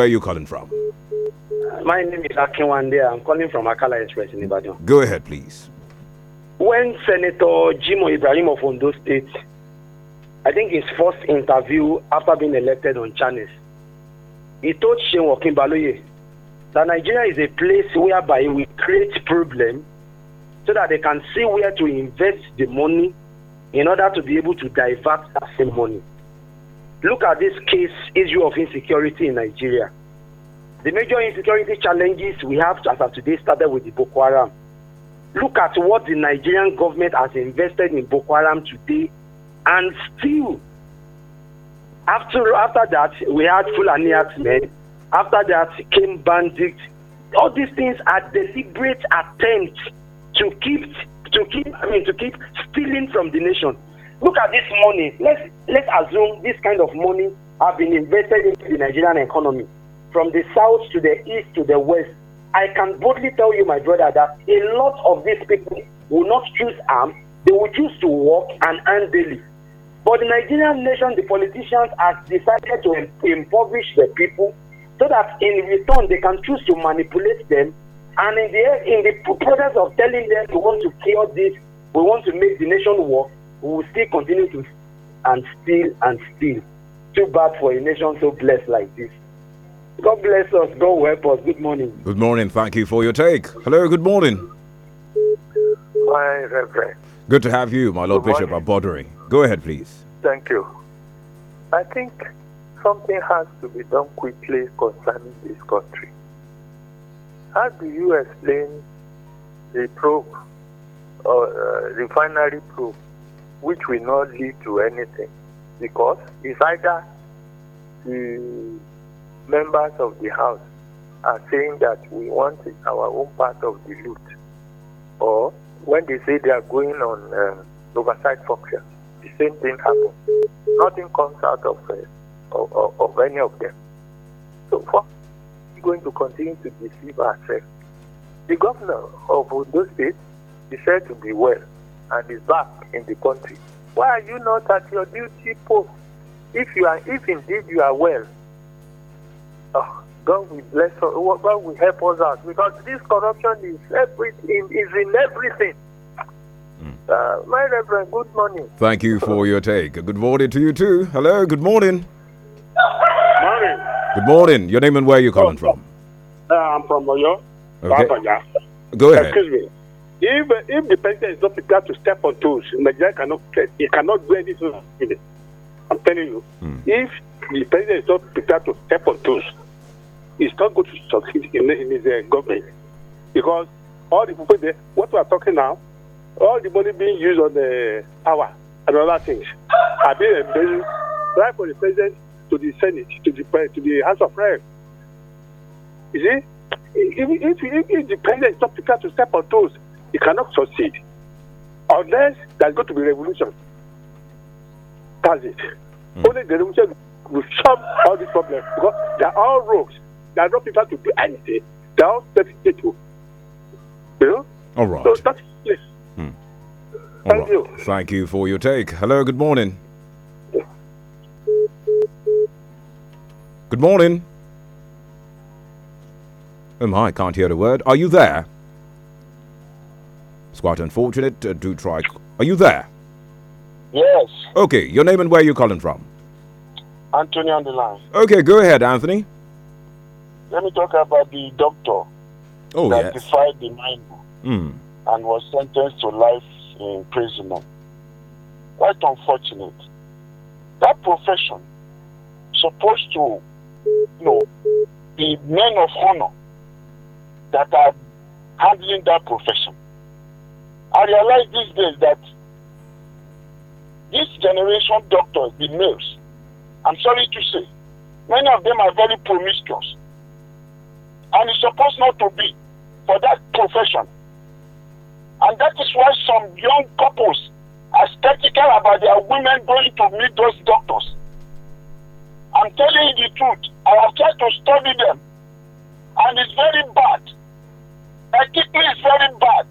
Where are you calling from? My name is Akinwande. I'm calling from Akala Express in Ibadan. Go ahead, please. When Senator Jimo Ibrahim of Ondo State, I think his first interview after being elected on Channels, he told Shane Wakimbaloye that Nigeria is a place whereby we create problems, so that they can see where to invest the money in order to be able to divert that same money look at this case issue of insecurity in Nigeria. The major insecurity challenges we have as of today started with the Boko Haram. Look at what the Nigerian government has invested in Boko Haram today, and still, after after that, we had Fulani men. After that came bandits. All these things are deliberate attempts to keep to keep I mean to keep stealing from the nation. Look at this money. Let's let's assume this kind of money have been invested into the Nigerian economy, from the south to the east to the west. I can boldly tell you, my brother, that a lot of these people will not choose arms. They will choose to work and earn daily. But the Nigerian nation, the politicians have decided to impoverish the people so that in return they can choose to manipulate them. And in the, in the process of telling them we want to cure this, we want to make the nation work, we will still continue to and steal and steal. Too bad for a nation so blessed like this. God bless us. God will help us. Good morning. Good morning. Thank you for your take. Hello. Good morning. My Reverend. Good to have you, my Lord good Bishop Abodori. Go ahead, please. Thank you. I think something has to be done quickly concerning this country. How do you explain the probe, or uh, refinery probe which will not lead to anything because it's either the members of the house are saying that we want our own part of the loot or when they say they are going on uh, oversight function the same thing happens nothing comes out of, uh, of, of, any of them so we are going to continue to deceive ourselves the governor of those states is said to be well and is back in the country. Why are you not at your duty post? If you are, if indeed you are well, oh, God will bless us. God will help us out because this corruption is every is in everything. Hmm. Uh, my Reverend, good morning. Thank you for your take. Good morning to you too. Hello, good morning. Morning. Good morning. Your name and where are you calling from? Uh, I'm from Oyo. Okay. Go ahead. Excuse me. If, if the president is not prepared to step on toes, Nigeria cannot, he cannot do anything. I'm telling you. Mm. If the president is not prepared to step on toes, he's not going to succeed in, in his uh, government. Because all the people there, what we are talking now, all the money being used on the uh, power and other things are being embezzled right from the president to the Senate, to the, uh, to the House of Reps. You see, if, if, if the president is not prepared to step on toes, it cannot succeed unless there's going to be revolution. That's it. Mm. Only the revolution will solve all these problems because they are all rogues. They are not people to do anything. They are all people. You know? All right. So that's it. Mm. Thank right. you. Thank you for your take. Hello, good morning. Good morning. Oh my, I can't hear a word. Are you there? It's quite unfortunate. Uh, do try. Are you there? Yes. Okay, your name and where you calling from? Anthony on the line. Okay, go ahead, Anthony. Let me talk about the doctor oh, that yes. defied the mind mm. and was sentenced to life imprisonment. Quite unfortunate. That profession supposed to, you know, be men of honor that are handling that profession. I realize these days that this generation doctors, the males, I'm sorry to say, many of them are very promiscuous. And it's supposed not to be for that profession. And that is why some young couples are skeptical about their women going to meet those doctors. I'm telling you the truth. I have tried to study them. And it's very bad. Ethically, it's very bad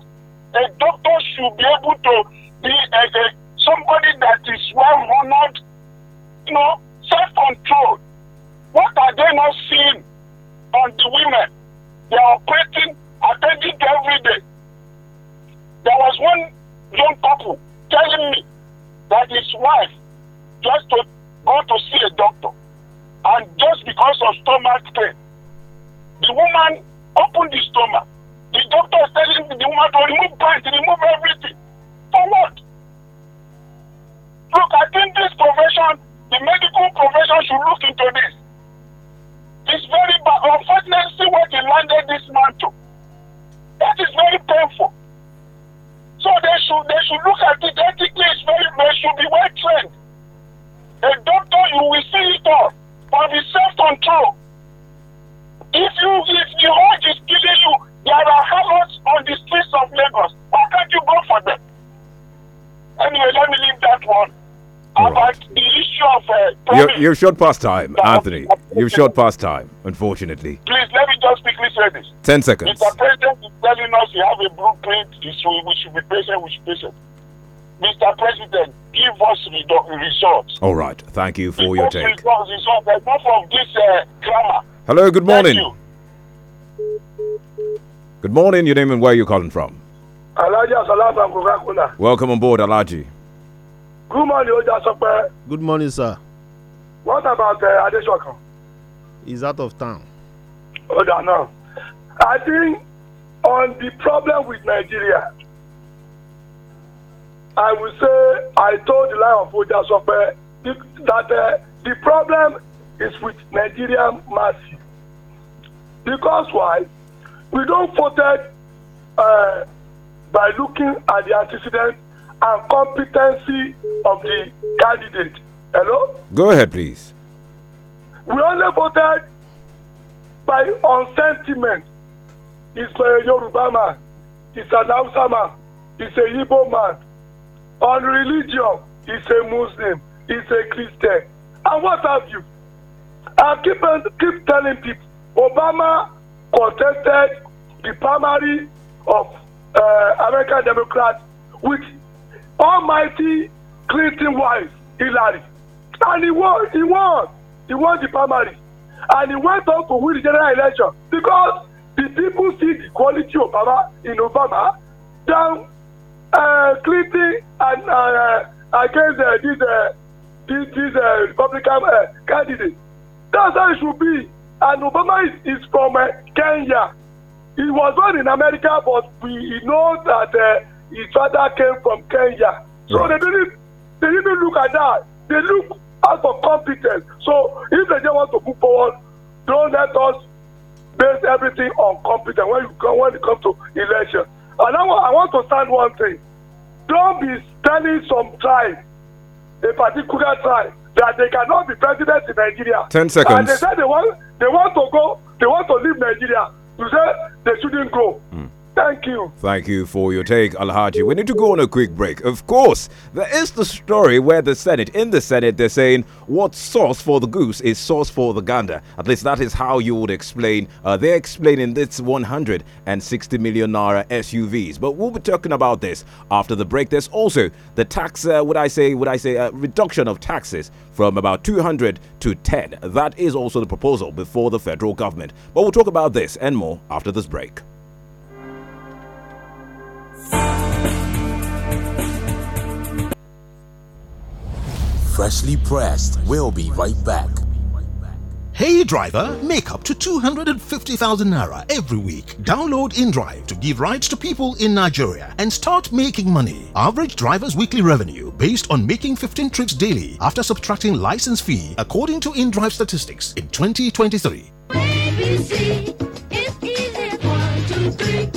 a doctor should be able to be a, uh, a, uh, somebody that is well honored, you know, self control. What are they not seeing on the women? They are operating, attending every day. There was one young couple telling me that his wife just to go to see a doctor, and just because of stomach pain, the woman opened the stomach the doctor is telling the woman to remove breast, remove everything. For what? Look, I think this profession, the medical profession should look into this. It's very bad. Unfortunately, see what he landed this man to. That is very painful. So they should they should look at it ethically. It's very they should be well trained. A doctor, you will see it all, but be self-control. uh, promise. You're, short past time, Anthony. You're short past time, unfortunately. Please, let me just quickly say this. Ten seconds. Mr. president is telling us you have a blueprint, we should be patient, we should be patient. Mr. President, give us the results. All right. Thank you for give your take. Results, results. Enough of this uh, Hello, good morning. Good morning. Your name and where you calling from? Alaji Salat from Coca-Cola. Welcome on board, Alaji good morning oja sọpẹ. good morning sir. what about uh, adesokan. he's out of town. oja now i think on the problem with nigeria i will say i told the line of oja sọpẹ that uh, the problem is with nigerian mercy because why we don't voted uh, by looking at the antecedent and competency of the candidate. Hello? Go ahead, please. We only voted by on sentiment. He's a Yoruba man, he's an Hausa man, he's a Igbo man. On religion, he's a Muslim, he's a Christian. And what have you? I keep, keep telling people Obama contested the primary of uh, American Democrats with almighty clinton wife hillary and he won he won he won the primary and he went on to win the general election because the people see the quality of obama in obama than uh, clinton and uh, uh, against uh, this uh, this, this uh, republican uh, candidate that's how it should be and obama is, is from uh, kenya he was born in america but we he knows that. Uh, his father came from Kenya. So right. they didn't they didn't look at that. They look as for competence. So if they just want to move forward, don't let us base everything on competence when you come when it comes to election. And I, I want to stand one thing. Don't be telling some tribe, a particular tribe, that they cannot be president in Nigeria. Ten seconds. And they said they want they want to go, they want to leave Nigeria. to say they shouldn't go. Mm. Thank you. Thank you for your take, Alhaji. We need to go on a quick break. Of course, there is the story where the Senate, in the Senate, they're saying what sauce for the goose is sauce for the gander. At least that is how you would explain. Uh, they're explaining this 160 million naira SUVs. But we'll be talking about this after the break. There's also the tax, uh, would I say, would I say, uh, reduction of taxes from about 200 to 10. That is also the proposal before the federal government. But we'll talk about this and more after this break. Freshly pressed. We'll be right back. Hey Driver, make up to 250,000 naira every week. Download InDrive to give rights to people in Nigeria and start making money. Average driver's weekly revenue based on making 15 trips daily after subtracting license fee according to InDrive statistics in 2023. ABC.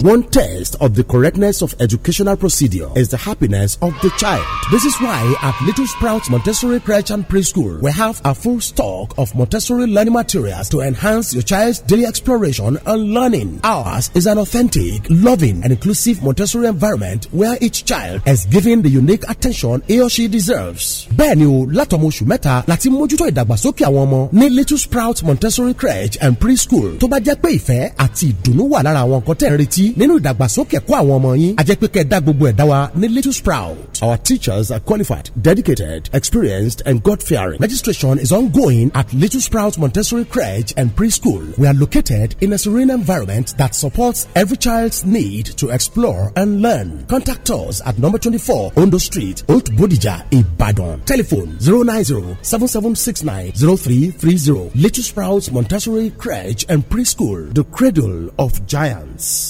One test of the correctness of educational procedure is the happiness of the child. This is why at Little Sprouts Montessori Crèche and Preschool, we have a full stock of Montessori learning materials to enhance your child's daily exploration and learning. Ours is an authentic, loving, and inclusive Montessori environment where each child is given the unique attention he or she deserves. Bẹ́ẹ̀ni o, látọmọ oṣù mẹ́ta láti mójútó ìdàgbàsókè àwọn ọmọ ní Little Sprouts Montessori Crèche and Preschool tó bá jẹ́ pé ìfẹ́ àti ìdùnnú wà lára àwọn nǹkan retí nínú ìdàgbàsókè ẹ̀kọ́ àwọn ọmọ yín a jẹ́ pé kẹ́ ẹ dá gbogbo ẹ̀ dá wa ní Little Sprout. Our teachers are qualified, dedicated, experienced and God-fearing. Registration is ongoing at Little Sprout Montessori Crèche and Preschool. We are located in a serene environment that supports every child's need to explore and learn. Contact us at number 24 Ondo Street, Old Bodija, Ibadan. Telephone 090 7769 0330. Little Sprouts Montessori Crèche and Preschool, the cradle of giants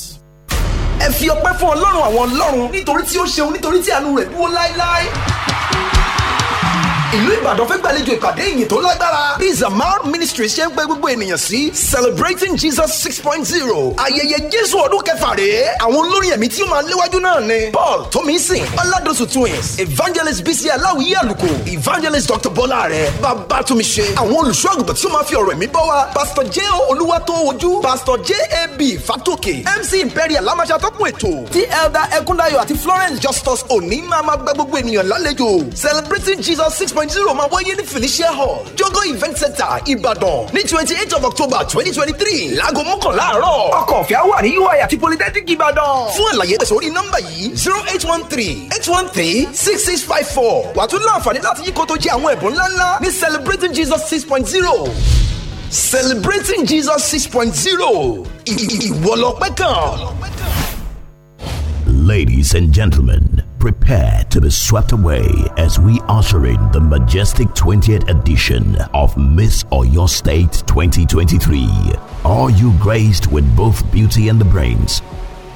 ẹ fi ọpẹ́ fún ọlọ́run àwọn ọlọ́run nítorí tí ó ṣeun nítorí tí àánú rẹ̀ dúró láéláé ìlú ìbàdàn fẹ́ gbàlejò ìpàdé ìyìn tó lágbára bí zamar ministry ṣe ń pè gbogbo ènìyàn sí celebrating jesus six point zero ayẹyẹ jésù ọdún kẹfà rèé àwọn olórin ẹ̀mí tí ó máa léwájú náà ni paul tomisin ọládọ̀sù twins evangelist bisi aláwìyé àlùkò evangelist dr bọ́lá rẹ̀ bàbá tómi ṣe àwọn olùṣọ́ àgùntàn tí ó máa fi ọ̀rọ̀ ẹ̀mí bọ́ wa pastor j o olúwatóojú pastor jab fatoke mc imperial lamasa tọkùn ètò T elder ekundayo àti florence justus Oni. máa máa gbẹ gbogbo ènìyàn lálejò celebrating jesus six point point zero máa wáyé ní Felicia Hall Jogo Event Center Ibadan. ní twenty eight of October twenty twenty three láago mọ́kànlá àárọ̀. Ọkọ̀ ọ̀fẹ́ wà ní UI àti Polytechnic Ìbàdàn. Fún àlàyé ẹ̀sọ́ orí nọ́mbà yìí zero eight one three eight one three six six five four. Wà á tún láǹfààní láti yí koto jẹ àwọn ẹ̀bùn ńláńlá ní Celebrating Jesus six point zero. Celebrating Jesus six point zero. Ìwọ lọ pẹ́ Ladies and gentlemen. Prepare to be swept away as we usher in the majestic 20th edition of Miss or Your State 2023. Are you graced with both beauty and the brains?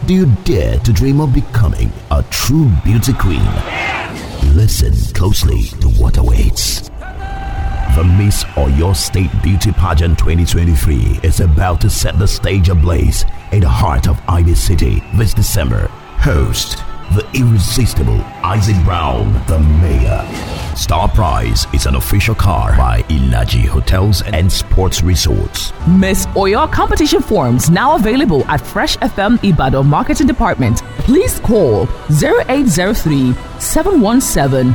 Do you dare to dream of becoming a true beauty queen? Listen closely to what awaits. The Miss or Your State Beauty Pageant 2023 is about to set the stage ablaze in the heart of Ivy City this December. Host the irresistible Isaac Brown, the mayor. Star Prize is an official car by Ilaji Hotels and Sports Resorts. Miss Oyo competition forms now available at Fresh FM Ibado Marketing Department. Please call 0803 717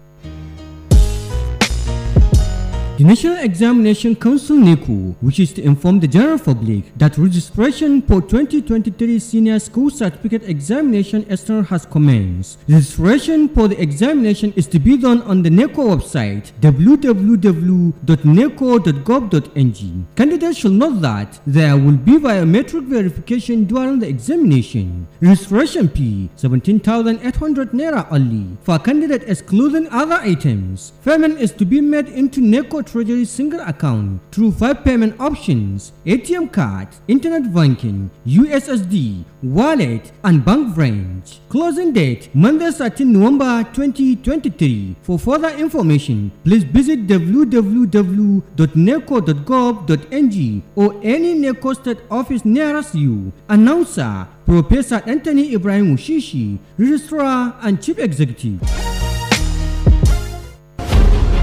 The National Examination Council NECU wishes to inform the general public that registration for 2023 Senior School Certificate Examination External has commenced. Registration for the examination is to be done on the NECO website www.neco.gov.ng. Candidates should note that there will be biometric verification during the examination. Registration fee 17,800 naira only for a candidate excluding other items. Payment is to be made into NECO treasury single account through five payment options, ATM card, internet banking, USSD, wallet, and bank branch. Closing date, Monday 13 November 2023. For further information, please visit www.neco.gov.ng or any NECO state office nearest you. Announcer, Professor Anthony Ibrahim Ushishi, Registrar and Chief Executive.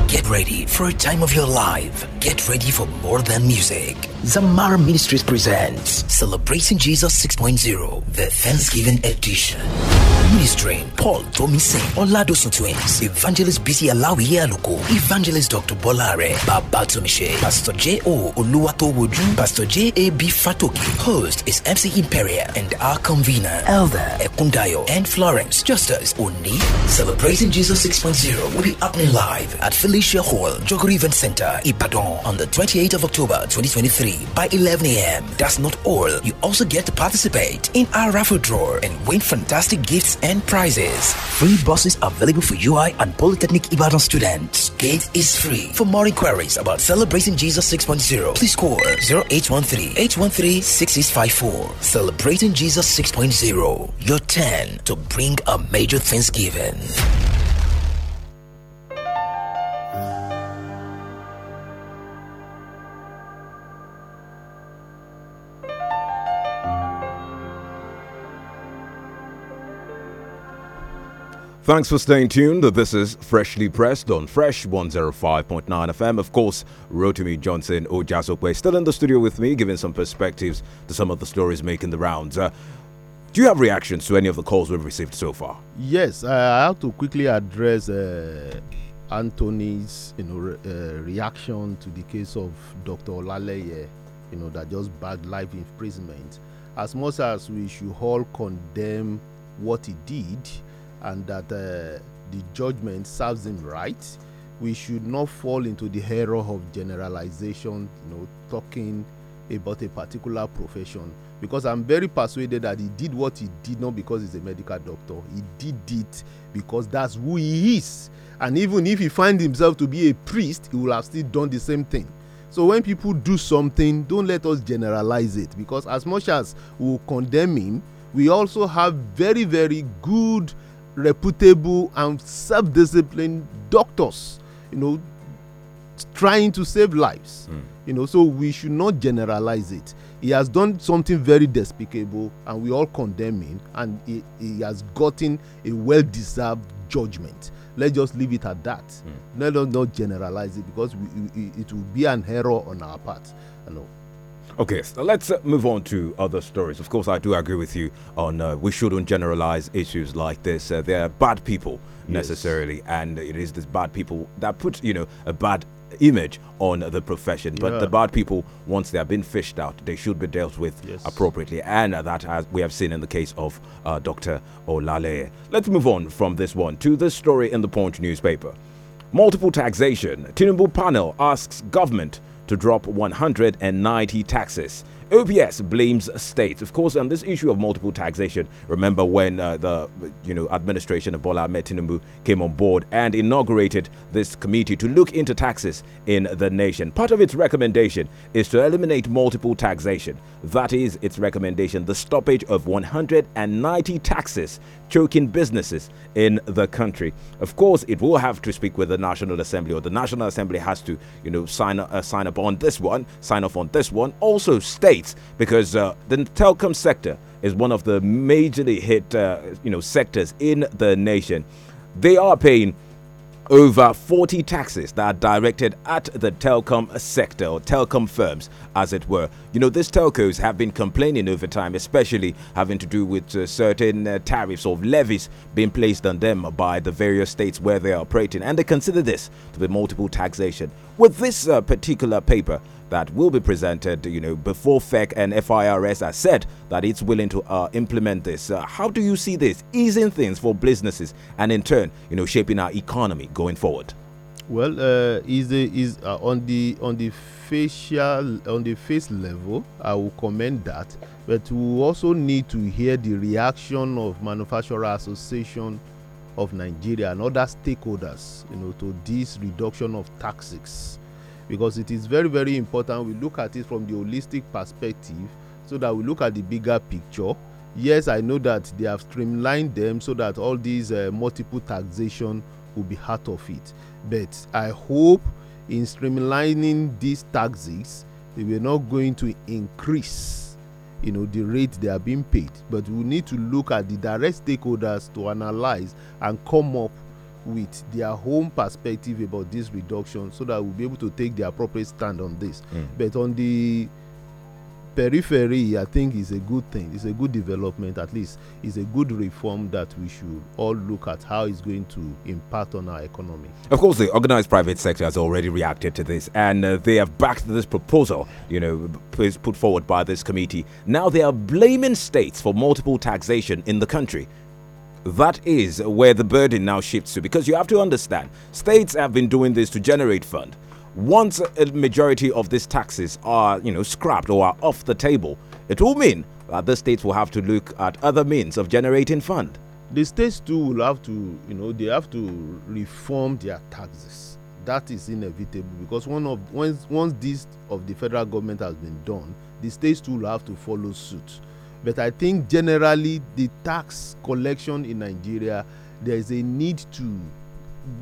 Get ready for a time of your life. Get ready for more than music. Zamar Ministries presents Celebrating Jesus 6.0, the Thanksgiving Edition. Ministering Paul Tomise, Oladosun Twins, Evangelist BC Alawi Aluko, Evangelist Dr. Bolare, Baba Tomise, Pastor J.O. Oluwatowoju, Pastor J.A.B. Fatoki. Host is MC Imperia and our convener, Elder Ekundayo and Florence Justice Oni. Celebrating Jesus 6.0 will be happening live at Felicia Hall, Joguri Event Center, Ipadon on the 28th of October 2023 by 11 a.m. That's not all. You also get to participate in our raffle draw and win fantastic gifts and prizes. Free buses available for UI and Polytechnic Ibadan students. Gate is free. For more inquiries about Celebrating Jesus 6.0, please call 0813-813-6654. Celebrating Jesus 6.0. Your turn to bring a major thanksgiving. Thanks for staying tuned. This is Freshly Pressed on Fresh 105.9 FM. Of course, Rotimi Johnson Ojasope still in the studio with me, giving some perspectives to some of the stories making the rounds. Uh, do you have reactions to any of the calls we've received so far? Yes, uh, I have to quickly address uh, Anthony's you know, re uh, reaction to the case of Dr. Olaleye, you know, that just bagged life imprisonment. As much as we should all condemn what he did, and that uh, the judgment serves him right. We should not fall into the error of generalization, you know, talking about a particular profession because i'm very persuaded that he did what he did not because he's a medical doctor he did it because that's who he is and even if he finds himself to be a priest he will have still done the same thing so when people do something don't let us generalize it because as much as we we'll condemn him we also have very very good reputable and self-disciplined doctors you know trying to save lives mm. you know so we should not generalize it he has done something very despicable and we all condemn him and he, he has gotten a well-deserved judgment let's just leave it at that mm. let us not generalize it because we, it, it will be an error on our part you know Okay, so let's uh, move on to other stories. Of course, I do agree with you on uh, we shouldn't generalize issues like this. Uh, they are bad people necessarily, yes. and it is these bad people that put you know a bad image on the profession. But yeah. the bad people, once they have been fished out, they should be dealt with yes. appropriately, and uh, that as we have seen in the case of uh, Dr. Olale. Let's move on from this one to this story in the Punch newspaper. Multiple taxation. Tinubu panel asks government to drop 190 taxes OPS blames states, of course, on this issue of multiple taxation. Remember when uh, the you know administration of Bola Ahmed Tinubu came on board and inaugurated this committee to look into taxes in the nation. Part of its recommendation is to eliminate multiple taxation. That is its recommendation: the stoppage of 190 taxes choking businesses in the country. Of course, it will have to speak with the National Assembly, or the National Assembly has to you know sign uh, sign up on this one, sign off on this one. Also, state States because uh, the telecom sector is one of the majorly hit uh, you know sectors in the nation. They are paying over 40 taxes that are directed at the telecom sector or telecom firms, as it were. You know, these telcos have been complaining over time, especially having to do with uh, certain uh, tariffs or levies being placed on them by the various states where they are operating, and they consider this to be multiple taxation. With this uh, particular paper, that will be presented, you know, before FEC and FIRS are said that it's willing to uh, implement this. Uh, how do you see this easing things for businesses and in turn, you know, shaping our economy going forward? Well, uh, is the, is uh, on the on the facial on the face level, I will commend that, but we also need to hear the reaction of manufacturer association of Nigeria and other stakeholders, you know, to this reduction of taxes because it is very very important we look at it from the holistic perspective so that we look at the bigger picture yes i know that they have streamlined them so that all these uh, multiple taxation will be part of it but i hope in streamlining these taxes they were not going to increase you know the rate they are being paid but we need to look at the direct stakeholders to analyze and come up with their own perspective about this reduction so that we'll be able to take the appropriate stand on this. Mm. But on the periphery, I think is a good thing. It's a good development, at least. It's a good reform that we should all look at how it's going to impact on our economy. Of course, the organized private sector has already reacted to this, and uh, they have backed this proposal, you know, put forward by this committee. Now they are blaming states for multiple taxation in the country. That is where the burden now shifts to because you have to understand states have been doing this to generate fund. Once a majority of these taxes are, you know, scrapped or are off the table, it will mean that the states will have to look at other means of generating fund. The states too will have to, you know, they have to reform their taxes. That is inevitable because one of once once this of the federal government has been done, the states too will have to follow suit but I think generally the tax collection in Nigeria, there is a need to,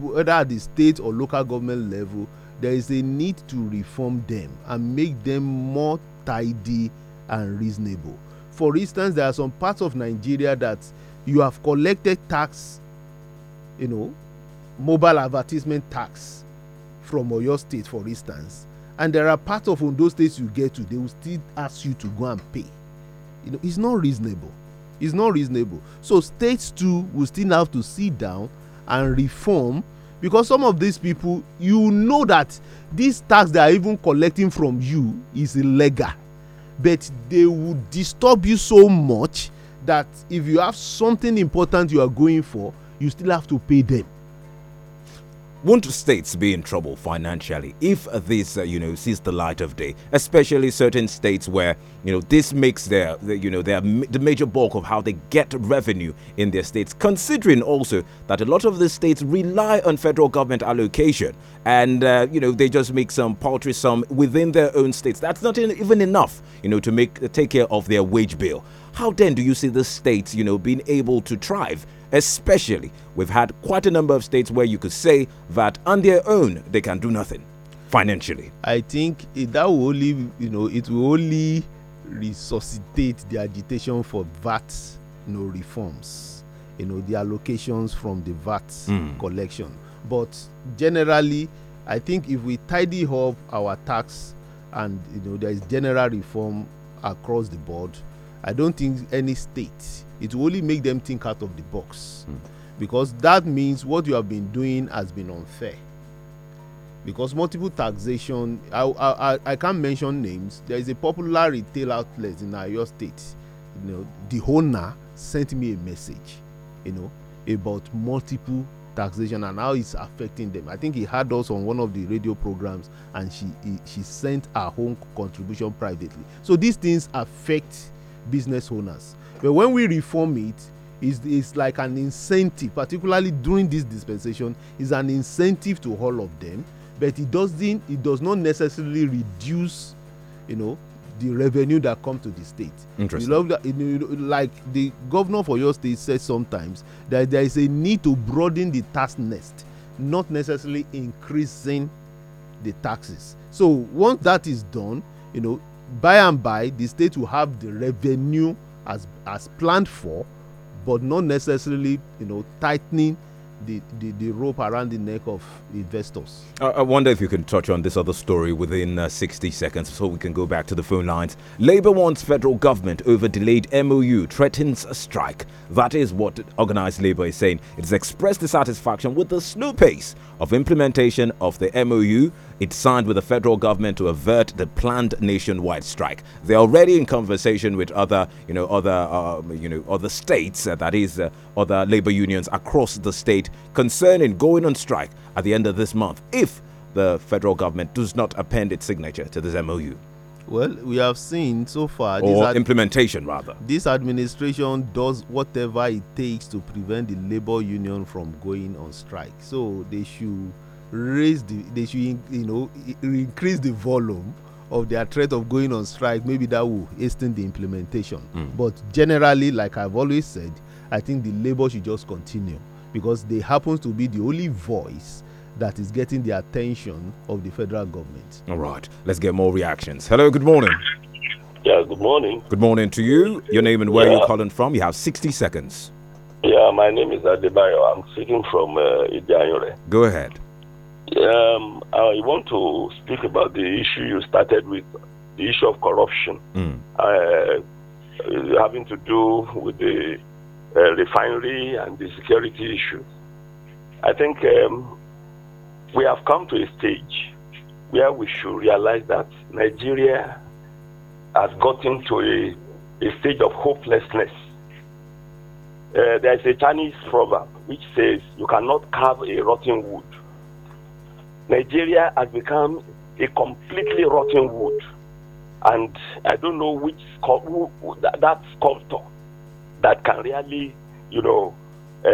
whether at the state or local government level, there is a need to reform them and make them more tidy and reasonable. For instance, there are some parts of Nigeria that you have collected tax, you know, mobile advertisement tax from Oyo State, for instance, and there are parts of Ondo State you get to, they will still ask you to go and pay you know it's not reasonable it's not reasonable so states too will still have to sit down and reform because some of these people you know that this tax they are even collecting from you is illegal but they will disturb you so much that if you have something important you are going for you still have to pay them won't states be in trouble financially if this uh, you know sees the light of day especially certain states where you know this makes their you know their the major bulk of how they get revenue in their states considering also that a lot of the states rely on federal government allocation and uh, you know they just make some paltry sum within their own states that's not even enough you know to make take care of their wage bill how then do you see the states you know being able to thrive Especially, we've had quite a number of states where you could say that on their own they can do nothing financially. I think that will only, you know, it will only resuscitate the agitation for VAT, you know, reforms, you know, the allocations from the VAT mm. collection. But generally, I think if we tidy up our tax and you know there is general reform across the board, I don't think any state it will only make them think out of the box mm. because that means what you have been doing has been unfair because multiple taxation I, I i can't mention names there is a popular retail outlet in Oyo state you know the owner sent me a message you know about multiple taxation and how it's affecting them i think he had us on one of the radio programs and she he, she sent her own contribution privately so these things affect business owners But when we reform it, it's, like an incentive, particularly during this dispensation, is an incentive to all of them. But it doesn't, it does not necessarily reduce, you know, the revenue that come to the state. Interesting. You know, like the governor for your state says sometimes that there is a need to broaden the tax nest, not necessarily increasing the taxes. So once that is done, you know, by and by the state will have the revenue as as planned for but not necessarily you know tightening the, the, the rope around the neck of investors. I wonder if you can touch on this other story within uh, 60 seconds so we can go back to the phone lines. Labour wants federal government over delayed MOU, threatens a strike. That is what organised Labour is saying. It has expressed dissatisfaction with the slow pace of implementation of the MOU it signed with the federal government to avert the planned nationwide strike. They're already in conversation with other, you know, other, um, you know, other states, uh, that is, uh, other labor unions across the state concerning going on strike at the end of this month if the federal government does not append its signature to this MOU. Well, we have seen so far, or implementation rather. This administration does whatever it takes to prevent the labor union from going on strike. So they should raise the they should you know increase the volume of their threat of going on strike maybe that will hasten the implementation mm. but generally like i've always said i think the labor should just continue because they happen to be the only voice that is getting the attention of the federal government all right let's get more reactions hello good morning yeah good morning good morning to you your name and where yeah. you're calling from you have 60 seconds yeah my name is adebayo i'm speaking from uh, go ahead um, I want to speak about the issue you started with, the issue of corruption, mm. uh, having to do with the uh, refinery and the security issue. I think um, we have come to a stage where we should realize that Nigeria has gotten to a, a stage of hopelessness. Uh, there is a Chinese proverb which says, You cannot carve a rotten wood Nigeria has become a completely rotten wood. And I don't know which who, who, that, that, sculptor that can really, you know, uh,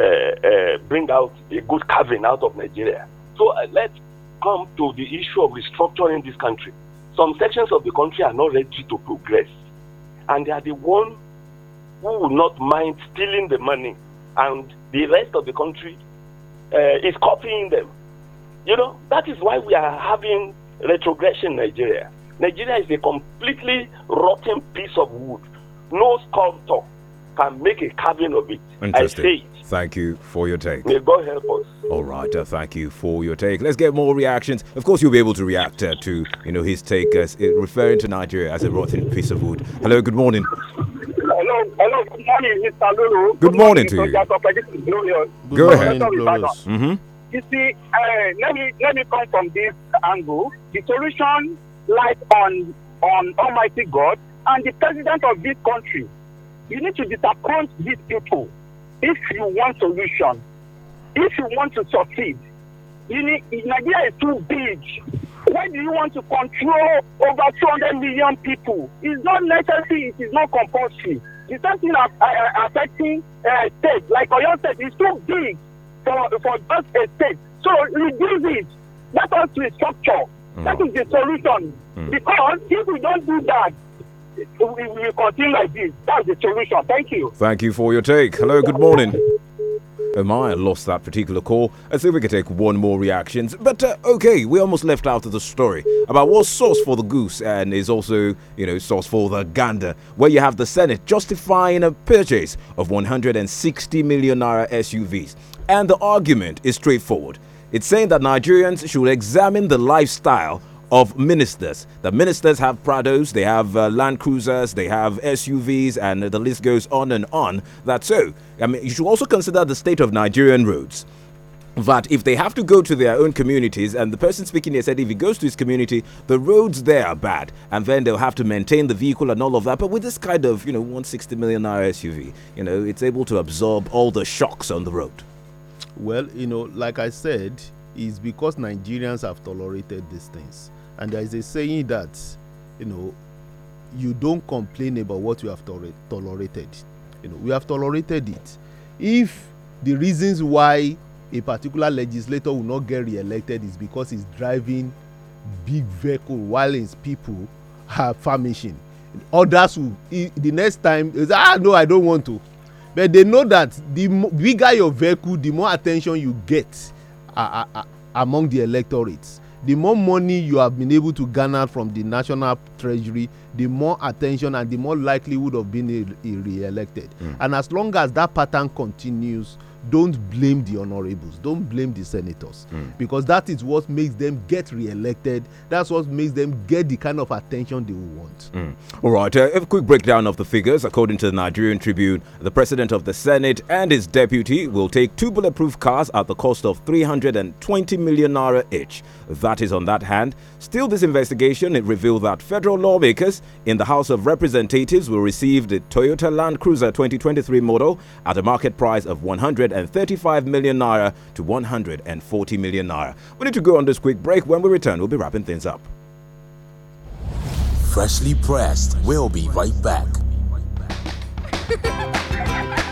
uh, bring out a good carving out of Nigeria. So uh, let's come to the issue of restructuring this country. Some sections of the country are not ready to progress, and they are the ones who will not mind stealing the money, and the rest of the country uh, is copying them. You know, that is why we are having retrogression in Nigeria. Nigeria is a completely rotten piece of wood. No sculptor can make a carving of it. Interesting. I say it. Thank you for your take. May God help us. All right, uh, thank you for your take. Let's get more reactions. Of course, you'll be able to react uh, to you know his take as uh, referring to Nigeria as a rotten piece of wood. Hello, good morning. Hello, hello, good morning, Mr. Lulu. Good, good morning, morning, to you. Good morning, ahead. Mm -hmm. You see, uh, let me let me come from this angle. The solution lies on on Almighty God and the president of this country. You need to disappoint these people if you want solution. If you want to succeed, you need, Nigeria is too big. Why do you want to control over 200 million people? It's not necessary. It is not compulsory. The same thing uh, uh, affecting uh, states like Oyo State it is too big for for just a state. So reduce it. Let us restructure. Mm. That is the solution. Mm. Because if we don't do that, we will continue like this. That's the solution. Thank you. Thank you for your take. Hello. Good morning. Omaya lost that particular call. I think we can take one more reactions. But uh, okay, we almost left out of the story about what source for the goose and is also, you know, source for the gander, where you have the Senate justifying a purchase of 160 million naira SUVs. And the argument is straightforward. It's saying that Nigerians should examine the lifestyle of ministers. The ministers have Prados, they have uh, Land Cruisers, they have SUVs, and the list goes on and on. That's so. I mean, you should also consider the state of Nigerian roads that if they have to go to their own communities, and the person speaking here said if he goes to his community, the roads there are bad, and then they'll have to maintain the vehicle and all of that. But with this kind of, you know, 160 million naira SUV, you know, it's able to absorb all the shocks on the road. Well, you know, like I said, it's because Nigerians have tolerated these things. And there is a saying that, you know, you don't complain about what you have to tolerated. You know, we have tolerated it. If the reasons why a particular legislator will not get re-elected is because he's driving big vehicle while his people are famishing, others will the next time they say ah no I don't want to but they know that the bigger your vehicle the more attention you get uh, uh, among the electorates. the more money you have been able to garner from the national treasury the more attention and the more likelihood of being re-elected mm. and as long as that pattern continues don't blame the honorables don't blame the senators mm. because that is what makes them get re-elected that's what makes them get the kind of attention they want mm. all right uh, a quick breakdown of the figures according to the nigerian tribune the president of the senate and his deputy will take two bulletproof cars at the cost of 320 million naira each that is on that hand still this investigation it revealed that federal lawmakers in the house of representatives will receive the toyota land cruiser 2023 model at a market price of 100 135 million naira to 140 million naira. We need to go on this quick break. When we return, we'll be wrapping things up. Freshly pressed. We'll be right back.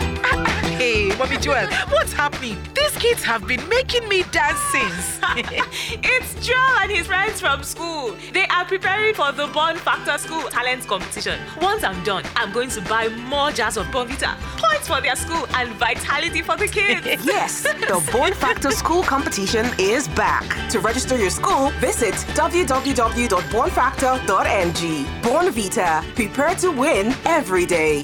Joel, what's happening? These kids have been making me dance since. it's Joel and his friends from school. They are preparing for the Born Factor School Talent Competition. Once I'm done, I'm going to buy more jars of Bonvita, points for their school, and vitality for the kids. yes, the Born Factor School Competition is back. To register your school, visit www.bornfactor.ng. Born Vita, prepare to win every day.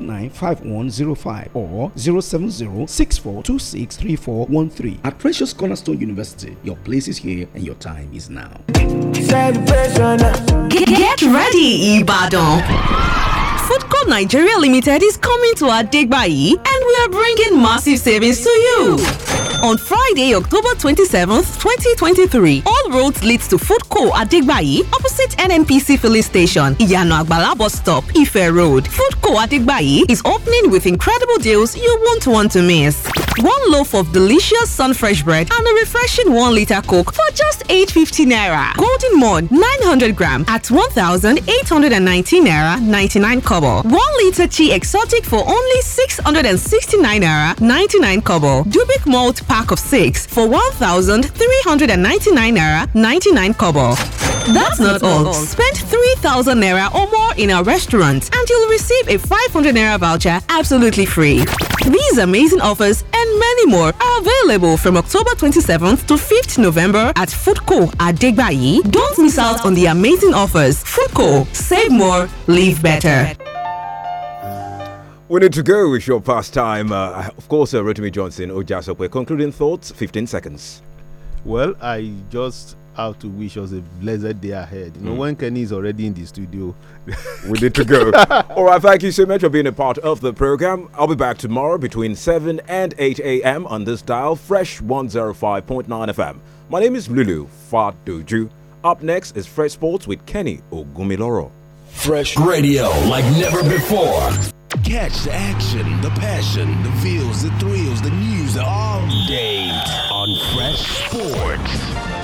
395105 or 070 At Precious Cornerstone University, your place is here and your time is now. Get ready, Ibadan. coca Nigeria Limited is coming to Adegbayi and we are bringing massive savings to you. On Friday, October 27th, 2023, all roads leads to Food Co. Adegbayi opposite NNPC filling station, Iyano Agbala bus stop, Ife Road. Food Co. Adegbayi is opening with incredible deals you won't want to miss. one loaf of delicious Sunfresh bread, and a refreshing 1 litre Coke for just 8.50 naira. Golden Mon 900 gram at 1,819 naira 99 kobo. 1 litre tea exotic for only 669 naira 99 kobo. Dubik malt pack of 6 for 1,399 naira 99 kobo. That's, That's not, not all. all. Spend 3,000 naira or more in our restaurant and you'll receive a 500 naira voucher absolutely free. These amazing offers and many more are available from October 27th to 5th November at Foodco at Degbayi. Don't miss out on the amazing offers. Foodco, save more, live better. We need to go. with your past time. Uh, of course, uh, Rotimi Johnson, Ojasope. Concluding thoughts, 15 seconds. Well, I just out to wish us a blessed day ahead. You know, mm. when Kenny is already in the studio, we need to go. All right, thank you so much for being a part of the program. I'll be back tomorrow between 7 and 8 a.m. on this dial, Fresh 105.9 FM. My name is Lulu Doju. Up next is Fresh Sports with Kenny Ogumiloro. Fresh radio like never before. Catch the action, the passion, the feels, the thrills, the news all day on Fresh Sports.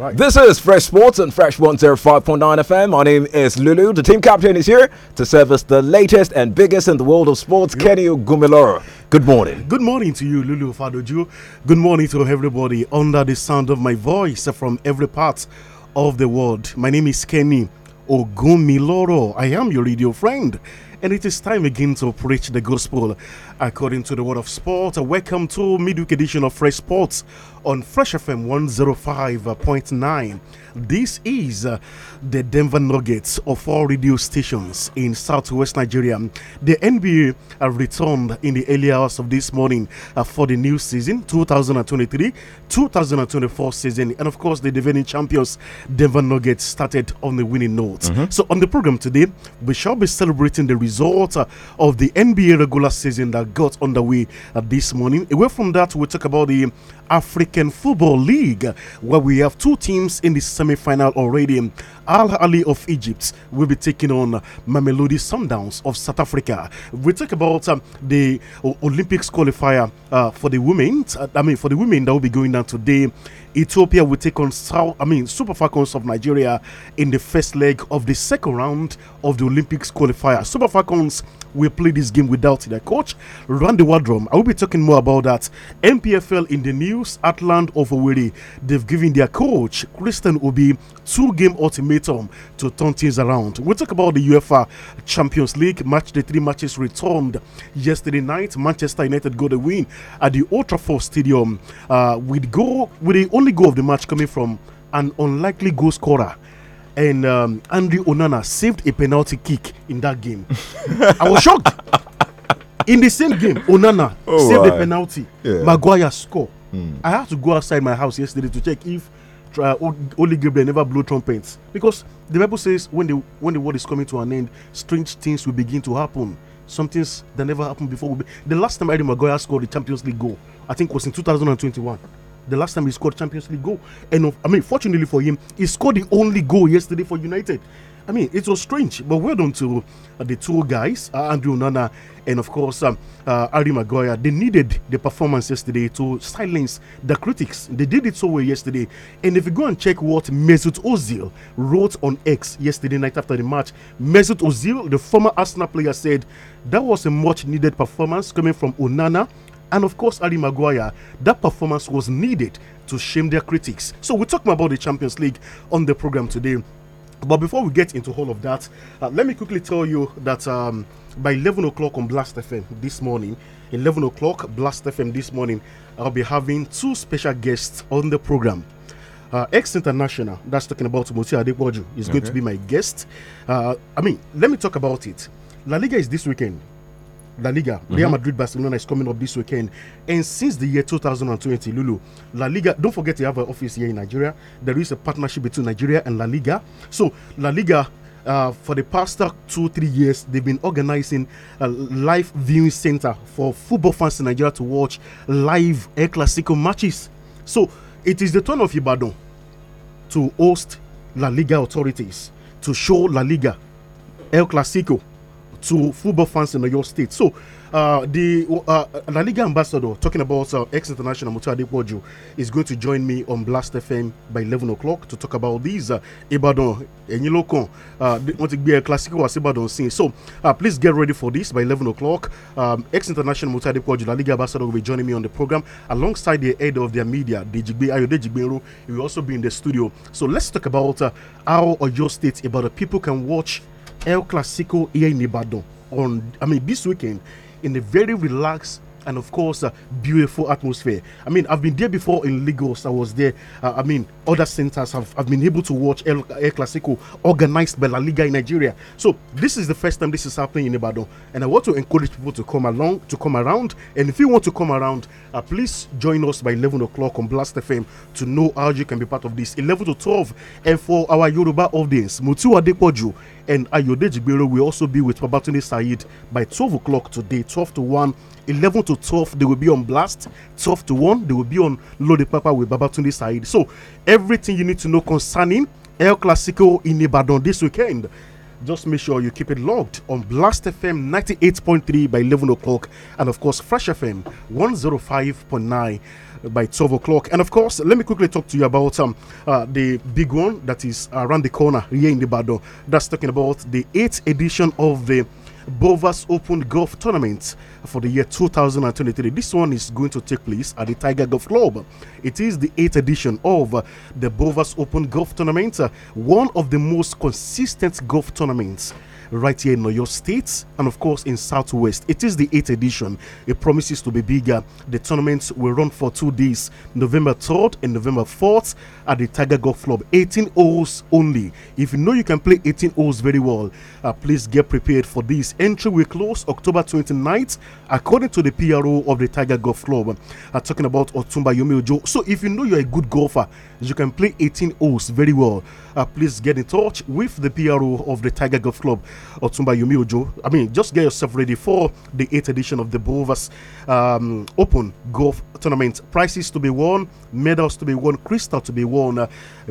right. This is Fresh Sports and Fresh 105.9 FM. My name is Lulu. The team captain is here to service the latest and biggest in the world of sports, yep. Kenny Ogumiloro. Good morning. Good morning to you, Lulu Fadoju. Good morning to everybody under the sound of my voice from every part of the world. My name is Kenny Ogumiloro. I am your radio friend and it is time again to preach the gospel. According to the world of sport, welcome to midweek edition of Fresh Sports on Fresh FM 105.9. This is uh, the Denver Nuggets of all radio stations in southwest Nigeria. The NBA have returned in the early hours of this morning uh, for the new season 2023 2024 season. And of course, the defending champions Denver Nuggets started on the winning note. Mm -hmm. So, on the program today, we shall be celebrating the result uh, of the NBA regular season that got underway uh, this morning. Away from that, we'll talk about the African Football League, where we have two teams in the semi final already. Al Ali of Egypt will be taking on Mamelodi Sundowns of South Africa. We talk about um, the o Olympics qualifier uh, for the women. Uh, I mean, for the women that will be going down today Ethiopia will take on South, I mean, Super Falcons of Nigeria in the first leg of the second round of the Olympics qualifier. Super Falcons will play this game without their coach, Randy Wardrum. I will be talking more about that. MPFL in the news, Atland of Owerri, they've given their coach, Christian Obi, two game ultimatum to turn things around. We'll talk about the UEFA Champions League match, the three matches returned yesterday night. Manchester United got a win at the Old Trafford Stadium uh, with, goal, with the only goal of the match coming from an unlikely goal scorer. And um, Andrew Onana saved a penalty kick in that game. I was shocked. In the same game, Onana oh, saved wow. a penalty. Yeah. Maguire scored. Hmm. I had to go outside my house yesterday to check if Holy uh, only Gabriel never blew trumpets because the Bible says when the when the world is coming to an end, strange things will begin to happen. Some things that never happened before. Be. The last time Eddie Maguire scored the Champions League goal, I think was in 2021 the last time he scored Champions League goal. And of, I mean, fortunately for him, he scored the only goal yesterday for United. I mean, it was strange, but well done to uh, the two guys, uh, Andrew Nana and, of course, um, uh, Ari Maguire. They needed the performance yesterday to silence the critics. They did it so well yesterday. And if you go and check what Mesut Ozil wrote on X yesterday night after the match, Mesut Ozil, the former Arsenal player, said that was a much needed performance coming from Onana, and of course Ali Maguire. That performance was needed to shame their critics. So we're talking about the Champions League on the program today. But before we get into all of that, uh, let me quickly tell you that um, by 11 o'clock on Blast FM this morning, 11 o'clock Blast FM this morning, I'll be having two special guests on the program. Uh, ex international, that's talking about Moti Adepoju, is okay. going to be my guest. Uh, I mean, let me talk about it. La Liga is this weekend. La Liga. Mm -hmm. Real Madrid Barcelona is coming up this weekend. And since the year 2020, Lulu, La Liga, don't forget to have an office here in Nigeria. There is a partnership between Nigeria and La Liga. So, La Liga. Uh, for the past two three years, they've been organizing a live viewing center for football fans in Nigeria to watch live El Clasico matches. So it is the turn of Ibadan to host La Liga authorities to show La Liga El Clasico to football fans in your state. So, uh, the uh, uh La Liga ambassador talking about uh, ex international Mutu Adepoju is going to join me on Blast FM by 11 o'clock to talk about these. Uh, Ibadan, Enyilokon, uh, want to be a classical as Ibadan So, uh, please get ready for this by 11 o'clock. Um, ex international Mutu Adepoju, La Liga ambassador, will be joining me on the program alongside the head of their media, Dejigbe Ayode Jigbenro. He will also be in the studio. So, let's talk about uh, how your state, about the people can watch El Clasico here in Ibadan on, I mean, this weekend in a very relaxed and of course uh, beautiful atmosphere i mean i've been there before in lagos i was there uh, i mean other centers have, have been able to watch el, el clasico organized by la liga in nigeria so this is the first time this is happening in ibadan and i want to encourage people to come along to come around and if you want to come around uh, please join us by 11 o'clock on blast fm to know how you can be part of this 11 to 12 and for our yoruba audience mutu adepoju and Ayode Jigbero will also be with Babatunde Said by 12 o'clock today, 12 to 1. 11 to 12 they will be on blast 12 to 1 they will be on loaded papa with babatunde Said. so everything you need to know concerning el clasico in ibadan this weekend just make sure you keep it logged on blast fm 98.3 by 11 o'clock and of course fresh fm 105.9 by 12 o'clock. And of course, let me quickly talk to you about um, uh, the big one that is around the corner here in the Bado. That's talking about the eighth edition of the Bovas Open Golf Tournament for the year 2023. This one is going to take place at the Tiger Golf Club. It is the eighth edition of uh, the Bovas Open Golf Tournament, uh, one of the most consistent golf tournaments right here in your State and, of course, in Southwest. It is the 8th edition. It promises to be bigger. The tournament will run for two days, November 3rd and November 4th at the Tiger Golf Club. 18 holes only. If you know you can play 18 holes very well, uh, please get prepared for this. Entry will close October 29th, according to the PRO of the Tiger Golf Club. Uh, talking about Otumba Yomi So if you know you're a good golfer, you can play 18 holes very well. Uh, please get in touch with the PRO of the Tiger Golf Club Otumba Yumiojo. I mean, just get yourself ready for the 8th edition of the Bovas um, Open Golf Tournament. Prizes to be won, medals to be won, crystal to be won, uh,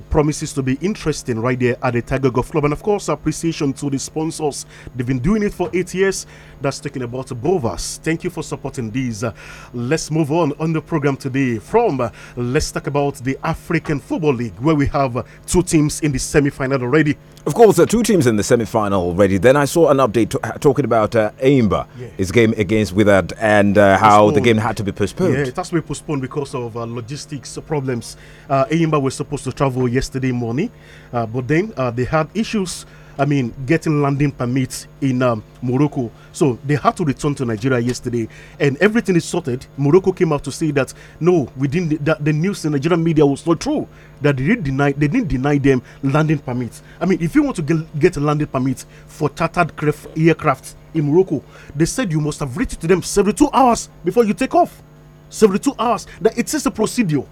promises to be interesting right there at the Tiger Golf Club. And of course, appreciation to the sponsors. They've been doing it for eight years. That's talking about Bovas. Thank you for supporting these. Uh, let's move on on the program today from uh, let's talk about the African Football League where we have uh, two teams in the semi final already. Of course, uh, two teams in the semi-final already. Then I saw an update uh, talking about uh, Aimba, yeah. his game against Wither, and uh, how the game had to be postponed. Yeah, it has to be postponed because of uh, logistics problems. Uh, Aimba was supposed to travel yesterday morning, uh, but then uh, they had issues I mean, getting landing permits in um, Morocco. So they had to return to Nigeria yesterday, and everything is sorted. Morocco came out to say that no, we didn't. That the news in Nigerian media was not true. That they did deny. They didn't deny them landing permits. I mean, if you want to get, get a landing permit for chartered aircraft in Morocco, they said you must have reached to them 72 hours before you take off. 72 hours. That it is a procedure.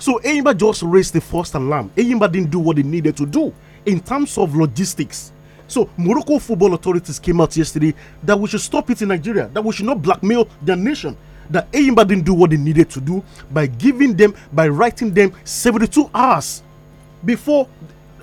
So Eyimba just raised the first alarm. Eyimba didn't do what they needed to do in terms of logistics so Morocco football authorities came out yesterday that we should stop it in Nigeria, that we should not blackmail their nation. That Eyimba didn't do what they needed to do by giving them, by writing them 72 hours before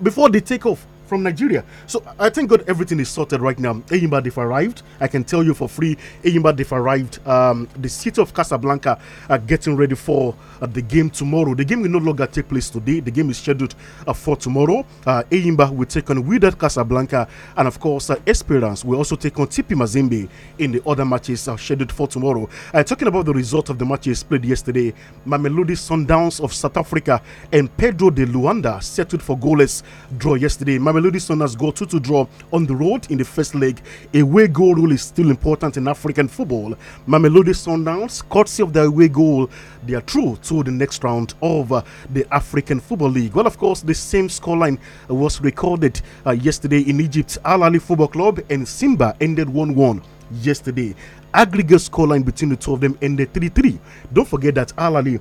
before they take off from Nigeria. So I thank God everything is sorted right now. Eyimba if arrived. I can tell you for free, Eyimba if arrived. Um, the city of Casablanca are getting ready for uh, the game tomorrow. The game will no longer take place today. The game is scheduled uh, for tomorrow. Uh, Eyimba will take on Wydad Casablanca. And of course, uh, Esperance will also take on Tipi Mazembe in the other matches uh, scheduled for tomorrow. Uh, talking about the result of the matches played yesterday, Mamelodi Sundowns of South Africa and Pedro de Luanda settled for goalless draw yesterday. Mamelodi Mamelodi Sundowns got 2 to draw on the road in the first leg. Away goal rule is still important in African football. Mamelodi Sundowns, courtesy of their away goal, they are through to the next round of uh, the African Football League. Well, of course, the same scoreline was recorded uh, yesterday in Egypt. Al Ali Football Club and Simba ended 1 1 yesterday. Aggregate scoreline between the two of them ended 3 3. Don't forget that Al Ali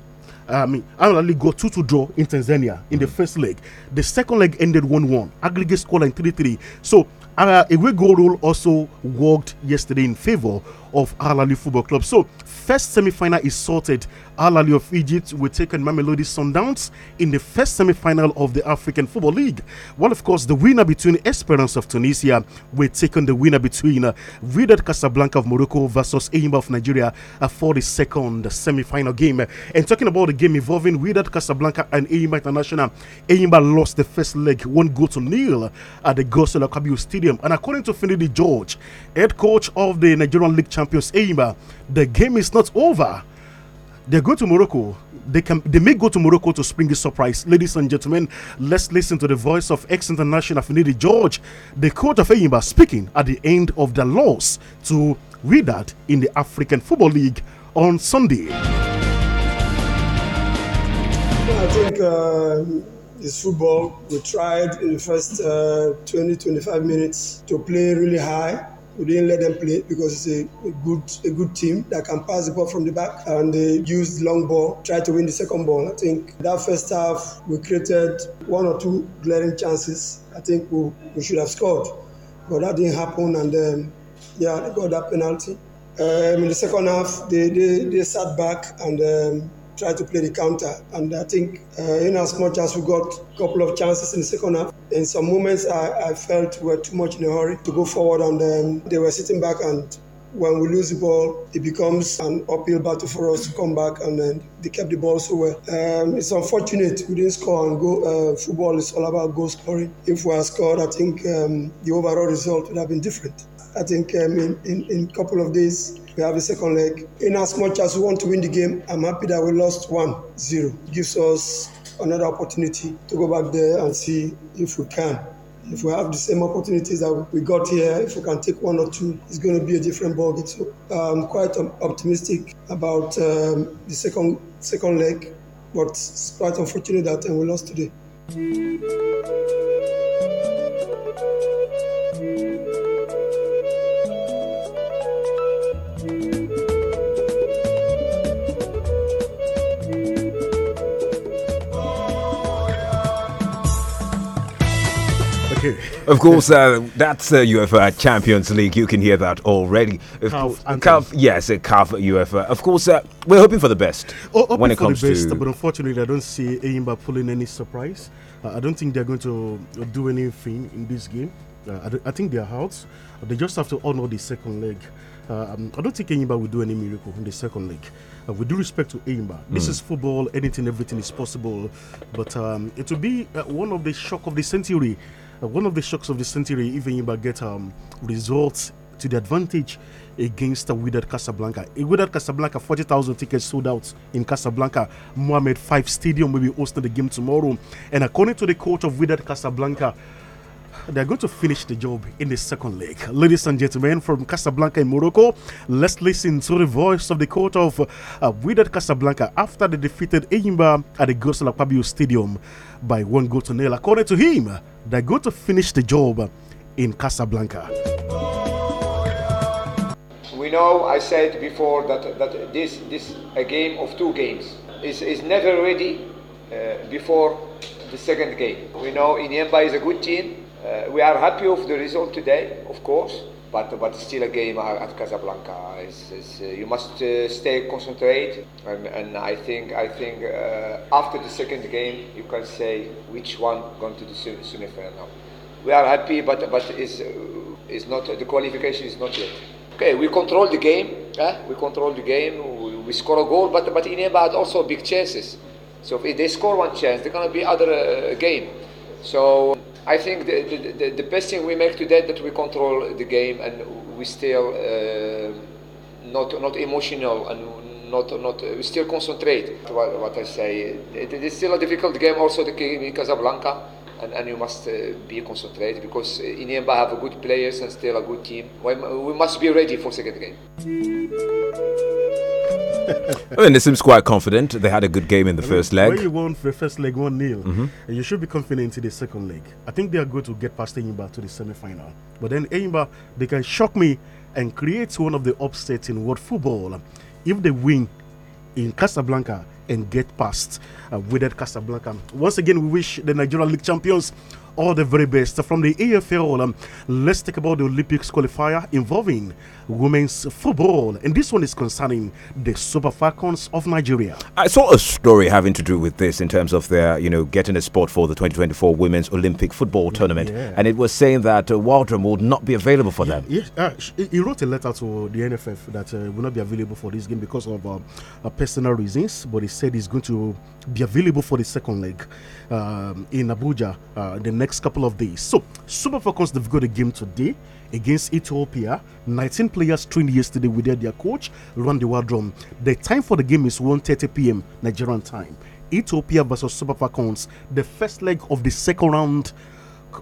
I mean, Al got 2 to draw in Tanzania in mm. the first leg. The second leg ended 1 1, aggregate score scoreline 3 3. So, uh, away goal rule also worked yesterday in favor of Al Ahly Football Club. So, first semi final is sorted Al of Egypt will take on Mamelodi Sundowns in the first semi-final of the African Football League. While of course, the winner between Esperance of Tunisia will take on the winner between uh, Wydad Casablanca of Morocco versus Eimba of Nigeria uh, for the second semi-final game. And talking about the game involving Wydad Casablanca and Eimba International, Eimba lost the first leg one goal to nil at the Gosela Kabiu Stadium. And according to Finidi George, head coach of the Nigerian League champions Eimba, the game is not over. They go to Morocco. They can. They may go to Morocco to spring this surprise, ladies and gentlemen. Let's listen to the voice of ex-international Finidi George, the coach of Enyimba, speaking at the end of the loss to Wydad in the African Football League on Sunday. I think uh, it's football. We tried in the first uh, 20, 25 minutes to play really high we didn't let them play because it's a, a good a good team that can pass the ball from the back and they used long ball, try to win the second ball. I think that first half we created one or two glaring chances. I think we, we should have scored, but that didn't happen. And then um, yeah, they got that penalty. Um, in the second half, they, they, they sat back and um, try to play the counter. And I think, uh, in as much as we got a couple of chances in the second half, in some moments I, I felt we were too much in a hurry to go forward, and then um, they were sitting back. And when we lose the ball, it becomes an uphill battle for us to come back, and then um, they kept the ball so well. Um, it's unfortunate we didn't score and go. Uh, football is all about goal scoring. If we had scored, I think um, the overall result would have been different. I think um, in, in, in a couple of days, we have a second leg. In as much as we want to win the game, I'm happy that we lost 1 0. Gives us another opportunity to go back there and see if we can. If we have the same opportunities that we got here, if we can take one or two, it's going to be a different ballgame. So I'm quite optimistic about um, the second second leg, but it's quite unfortunate that um, we lost today. of course, uh, that's uh, UEFA Champions League. You can hear that already. Of calf, course, uh, calf, yes, uh, a calf UEFA. Of course, uh, we're hoping for the best o when it comes best, to. But unfortunately, I don't see Eimba pulling any surprise. Uh, I don't think they're going to do anything in this game. I, I, think they're out. They just have to honor the second leg. Um, I don't think Eimba will do any miracle in the second leg. Uh, with due respect to Aimba, mm. this hmm. is football, anything, everything is possible. But um, it will be uh, one of the shock of the century uh, one of the shocks of the century, even Yimba get um, results to the advantage against the Wydad Casablanca. Wydad Casablanca, 40,000 tickets sold out in Casablanca. Mohamed 5 Stadium will be hosting the game tomorrow. And according to the coach of Wydad Casablanca, they're going to finish the job in the second leg. Ladies and gentlemen, from Casablanca in Morocco, let's listen to the voice of the coach of uh, Wydad Casablanca after they defeated Eyimba at the Gosla Pabio Stadium by one goal to nil. According to him, they're going to finish the job in Casablanca. We know, I said before, that, that this, this a game of two games. is is never ready uh, before the second game. We know Inyemba is a good team. Uh, we are happy of the result today, of course. But but still a game at Casablanca. It's, it's, uh, you must uh, stay concentrated. and, and I think I think uh, after the second game you can say which one going to the semifinal. We are happy, but but is is not the qualification is not yet. Okay, we control the game. Eh? We control the game. We, we score a goal, but but Ineba had also big chances. So if they score one chance, they're gonna be other uh, game. So I think the, the, the, the, best thing we make today that we control the game and we still uh, not not emotional and not not uh, we still concentrate. What, what I say, it, it's still a difficult game also the game in Casablanca. And, and you must uh, be concentrated because Inemba have good players and still a good team. we must be ready for second game. I mean, they seems quite confident. They had a good game in the I mean, first leg. When you won the first leg 1 0, mm -hmm. and you should be confident in the second leg. I think they are going to get past Enyimba to the semi final. But then Enyimba, they can shock me and create one of the upsets in world football if they win in Casablanca and get past uh, Wydad Casablanca. Once again, we wish the Nigerian League champions all the very best. From the AFL, um, let's talk about the Olympics qualifier involving women's football. And this one is concerning the Super Falcons of Nigeria. I saw a story having to do with this in terms of their, you know, getting a spot for the 2024 Women's Olympic Football Tournament. Yeah. And it was saying that uh, Waldron would not be available for yeah, them. Yes, uh, he wrote a letter to the NFF that uh, will not be available for this game because of uh, uh, personal reasons, but he said he's going to be available for the second leg um, in Abuja uh, the next couple of days. So, Super Falcons, they've got a game today against Ethiopia. 19 players trained yesterday with their coach, Randy Wardrum. The time for the game is 1.30 p.m. Nigerian time. Ethiopia versus Super Falcons, the first leg of the second round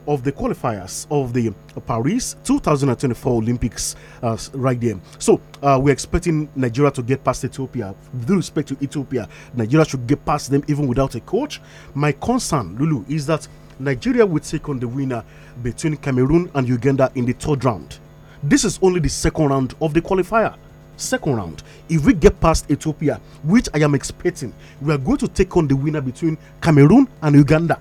of the qualifiers of the Paris 2024 Olympics uh, right there. So uh, we're expecting Nigeria to get past Ethiopia. With respect to Ethiopia, Nigeria should get past them even without a coach. My concern, Lulu, is that Nigeria will take on the winner between Cameroon and Uganda in the third round. This is only the second round of the qualifier. Second round. If we get past Ethiopia, which I am expecting, we are going to take on the winner between Cameroon and Uganda.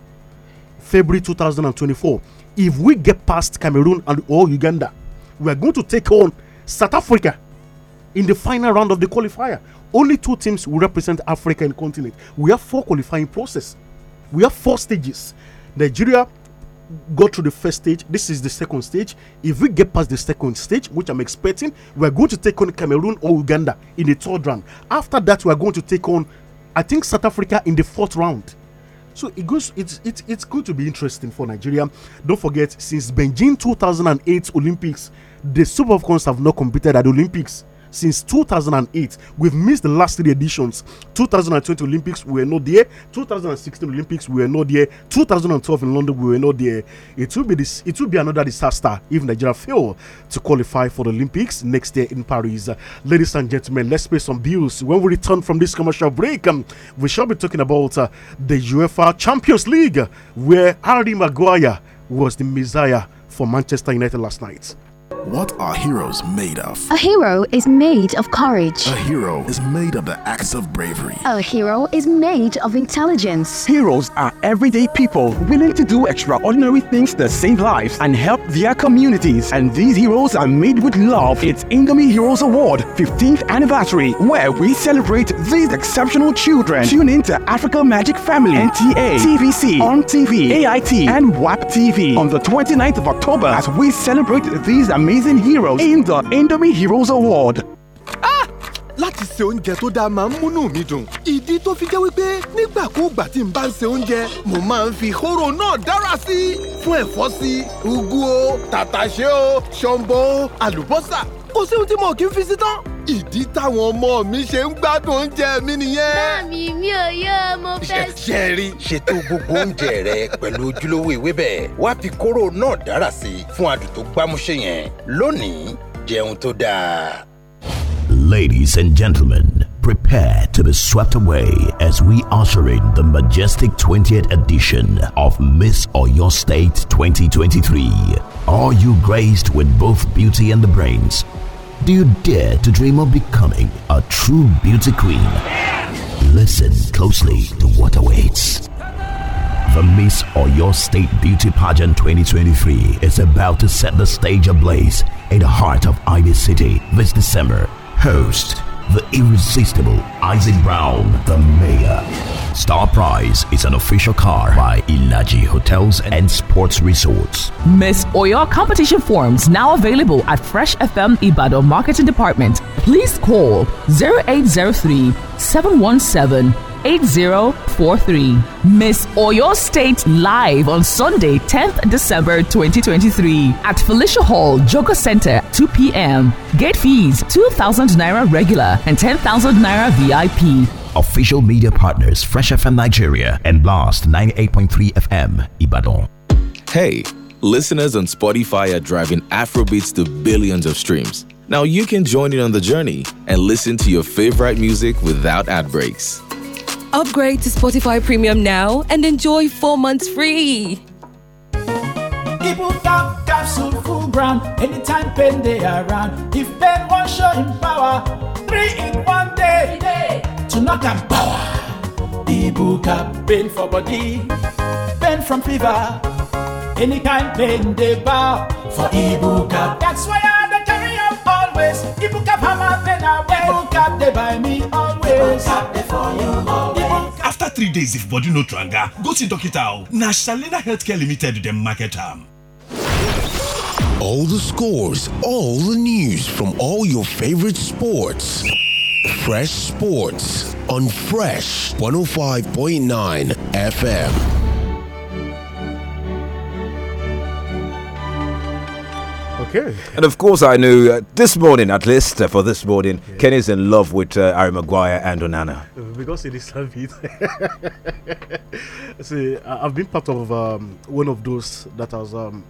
February 2024. If we get past Cameroon and or Uganda, we are going to take on South Africa in the final round of the qualifier. Only two teams will represent Africa and continent. We have four qualifying process. We have four stages. Nigeria go through the first stage. This is the second stage. If we get past the second stage, which I'm expecting, we're going to take on Cameroon or Uganda in the third round. After that, we're going to take on, I think, South Africa in the fourth round. So it goes, it's, it's, it's going to be interesting for Nigeria. Don't forget, since Beijing 2008 Olympics, the Super Falcons have not competed at the Olympics since 2008. We've missed the last three editions. 2020 Olympics, we were not there. 2016 Olympics, we were not there. 2012 in London, we were not there. It will be this. It will be another disaster if Nigeria fail to qualify for the Olympics next year in Paris. Uh, ladies and gentlemen, let's pay some bills. When we return from this commercial break, um, we shall be talking about uh, the UEFA Champions League, where Harry Maguire was the messiah for Manchester United last night. What are heroes made of? A hero is made of courage. A hero is made of the acts of bravery. A hero is made of intelligence. Heroes are everyday people willing to do extraordinary things that save lives and help their communities. And these heroes are made with love. It's Ingami Heroes Award 15th anniversary, where we celebrate these exceptional children. Tune in to Africa Magic Family, NTA, TVC, On TV, AIT, and WAP TV on the 29th of October as we celebrate these Amazing Heroes in the Indomie Heroes Award. Ah, láti ṣe oúnjẹ tó dáa máa ń múnú mi dùn ìdí tó fi jẹ́ wípé nígbàkúùgbà tí n bá ń ṣe oúnjẹ mo máa ń fi hóró náà dára sí i fún ẹ̀fọ́ sí i ugu o tàtàṣé o ṣọ̀mbọ̀ o àlùbọ́sà kò sí ohun tí mo kì í fi sí tán ìdí táwọn ọmọ mi ṣe ń gbádùn oúnjẹ mi nìyẹn. mi ò yọ fẹ́. Ṣé rí ṣètò gbogbo oúnjẹ rẹ pẹ̀lú ojúlówó wá fi kóró náà dára sí i fún adùn tó gbámúṣé yẹn. Lónìí, jẹun tó dáa. Ladies and gentlemen, prepare to be swept away as we usher in the majestic 20th edition of Miss or Your State 2023. Are you graced with both beauty and the brains? Do you dare to dream of becoming a true beauty queen? Listen closely to what awaits. The Miss or Your State Beauty Pageant 2023 is about to set the stage ablaze in the heart of Ivy City this December. Host the irresistible Isaac Brown, the mayor. Star Prize is an official car by Ilaji Hotels and Sports Resorts. Miss Oyo competition forms now available at Fresh FM Ibadan Marketing Department. Please call 0803 717 8043. Miss Oyo State live on Sunday, 10th December 2023 at Felicia Hall, Joker Center, 2 p.m. Gate fees 2,000 naira regular and 10,000 naira VIP. Official media partners Fresh FM Nigeria and Blast 98.3 FM, Ibadan. Hey, listeners on Spotify are driving Afrobeats to billions of streams. Now you can join in on the journey and listen to your favorite music without ad breaks. Upgrade to Spotify Premium now and enjoy four months free. full ground anytime around if show power three in one day to knock power. for body from fever any kind pain bow for That's why I always hammer me always. for you always three days if body no tranga go see doctor o oh. na shalina healthcare limited the market arm. all the scores all the news from all your favorite sports fresh sports on fresh 105.9 fm Okay. And of course, I knew uh, this morning, at least uh, for this morning, yeah. Kenny's in love with uh, Harry Maguire and Onana. Uh, because it is deserves it. See, I've been part of um, one of those that has. Um,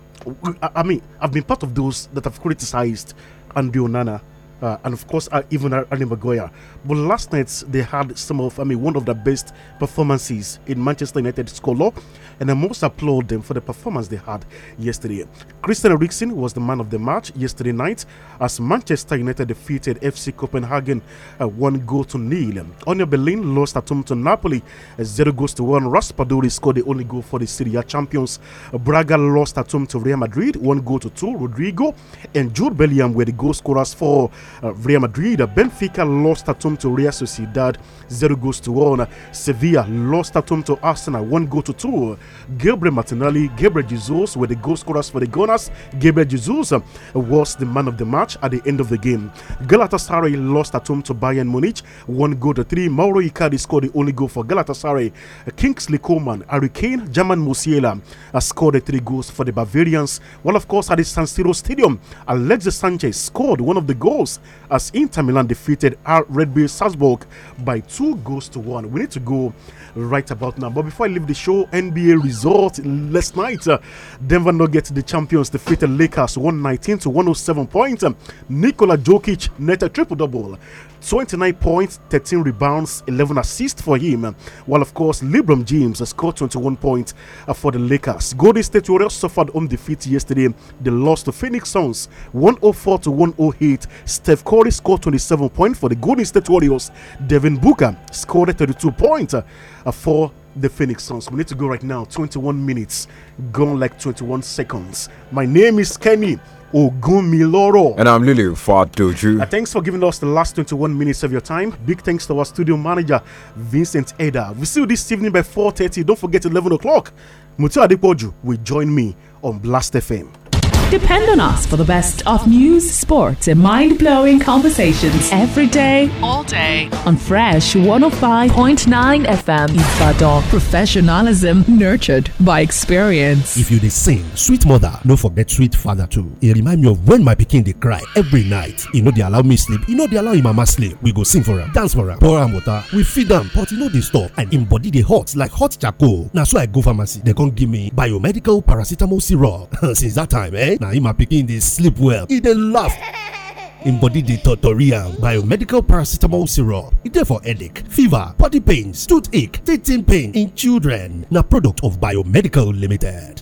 I mean, I've been part of those that have criticized Andy Onana uh, and of course uh, even Ali Magoya. But last night they had some of, I mean, one of the best performances in Manchester United score, and I must applaud them for the performance they had yesterday. Christian Eriksen was the man of the match yesterday night as Manchester United defeated FC Copenhagen uh, one goal to nil. Onya Berlin lost at home to Napoli uh, zero goals to one. Raspadori scored the only goal for the Serie A champions. Braga lost at home to Real Madrid one goal to two. Rodrigo and Jude Bellingham were the goal scorers for uh, Real Madrid, uh, Benfica lost at home to Real Sociedad, zero goals to one. Sevilla lost at home to Arsenal, one goal to two. Gabriel Martinelli, Gabriel Jesus were the goal scorers for the Gunners. Gabriel Jesus uh, was the man of the match at the end of the game. Galatasaray lost at home to Bayern Munich, one goal to three. Mauro Icardi scored the only goal for Galatasaray. Uh, Kingsley Coman, Hurricane, German Musiela uh, scored the three goals for the Bavarians. Well, of course, at the San Siro Stadium, Alexis Sanchez scored one of the goals as Inter Milan defeated Red Bull Salzburg by two goals to one. We need to go right about now. But before I leave the show, NBA result last night, uh, Denver Nuggets, the champions, defeated Lakers 119 to 107 points. Um, Nikola Jokic netted triple double. 29 points, 13 rebounds, 11 assists for him. While, of course, LeBron James scored 21 points uh, for the Lakers. Golden State Warriors suffered home defeat yesterday. They lost to Phoenix Suns 104 to 108. Steph Curry scored 27 points for the Golden State Warriors. Devin Booker scored 32 points uh, for the Phoenix Suns. We need to go right now. 21 minutes gone like 21 seconds. My name is Kenny. Ogumiloro. And I'm Lily Fatoju. Uh, thanks for giving us the last 21 minutes of your time. Big thanks to our studio manager, Vincent Eda. We see you this evening by 4.30. Don't forget 11 o'clock. Mutu Adepoju will join me on Blast FM. Depend on us for the best of news, sports, and mind blowing conversations every day, all day on Fresh 105.9 FM Ibadan. Professionalism nurtured by experience. If you the sing, sweet mother, no forget sweet father too. It remind me of when my pikin de cry every night. You know they allow me sleep, You know they allow im mama sleep. We go sing for her, dance for her, pour her water, we feed them, but you know this stuff. and embody body hot like hot charcoal. Now so I go pharmacy, They can't give me biomedical paracetamol syrup. Since that time, eh? na him and pikin dey sleep well He dey laugh im body dey totori am biomedical paracetamol syrup e dey for headache fever body pains toothache teething pain in children na product of biomedical limited.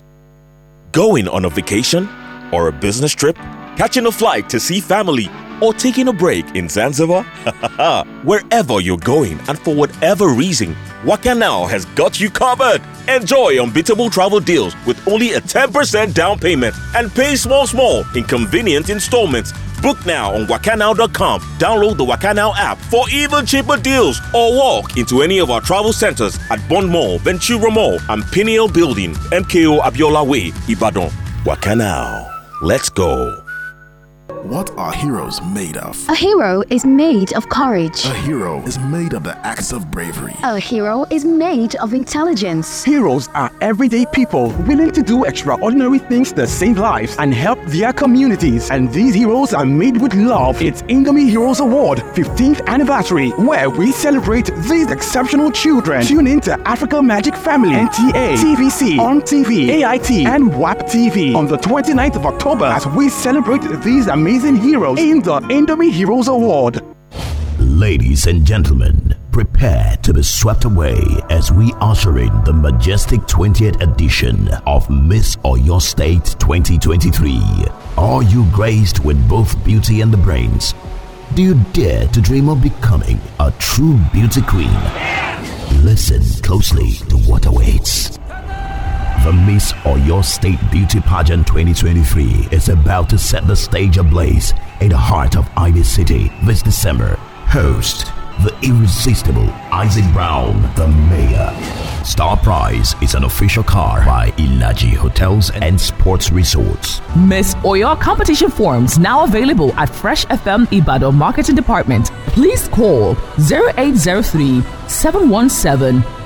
going on a vacation or a business trip catching a flight to see family or taking a break in Zanzibar? Wherever you're going and for whatever reason, Waka Now has got you covered. Enjoy unbeatable travel deals with only a 10% down payment and pay small, small in convenient installments. Book now on wakanow.com. Download the Wakanow app for even cheaper deals or walk into any of our travel centers at Bond Mall, Ventura Mall, and Pineal Building, MKO Abiola Way, Ibadan. Wakanow. Let's go. What are heroes made of? A hero is made of courage. A hero is made of the acts of bravery. A hero is made of intelligence. Heroes are everyday people willing to do extraordinary things that save lives and help their communities. And these heroes are made with love. It's Ingami Heroes Award 15th anniversary, where we celebrate these exceptional children. Tune in to Africa Magic Family, NTA, TVC, On TV, AIT, and WAP TV on the 29th of October as we celebrate these Amazing Heroes in the Indomie Heroes Award. Ladies and gentlemen, prepare to be swept away as we usher in the majestic 20th edition of Miss or Your State 2023. Are you graced with both beauty and the brains? Do you dare to dream of becoming a true beauty queen? Listen closely to what awaits the Miss or Your State Beauty Pageant 2023 is about to set the stage ablaze in the heart of Ivy City this December. Host the irresistible Isaac Brown, the mayor. Star Prize is an official car by Ilaji Hotels and Sports Resorts. Miss Oyo competition forms now available at Fresh FM Ibado Marketing Department. Please call 0803 717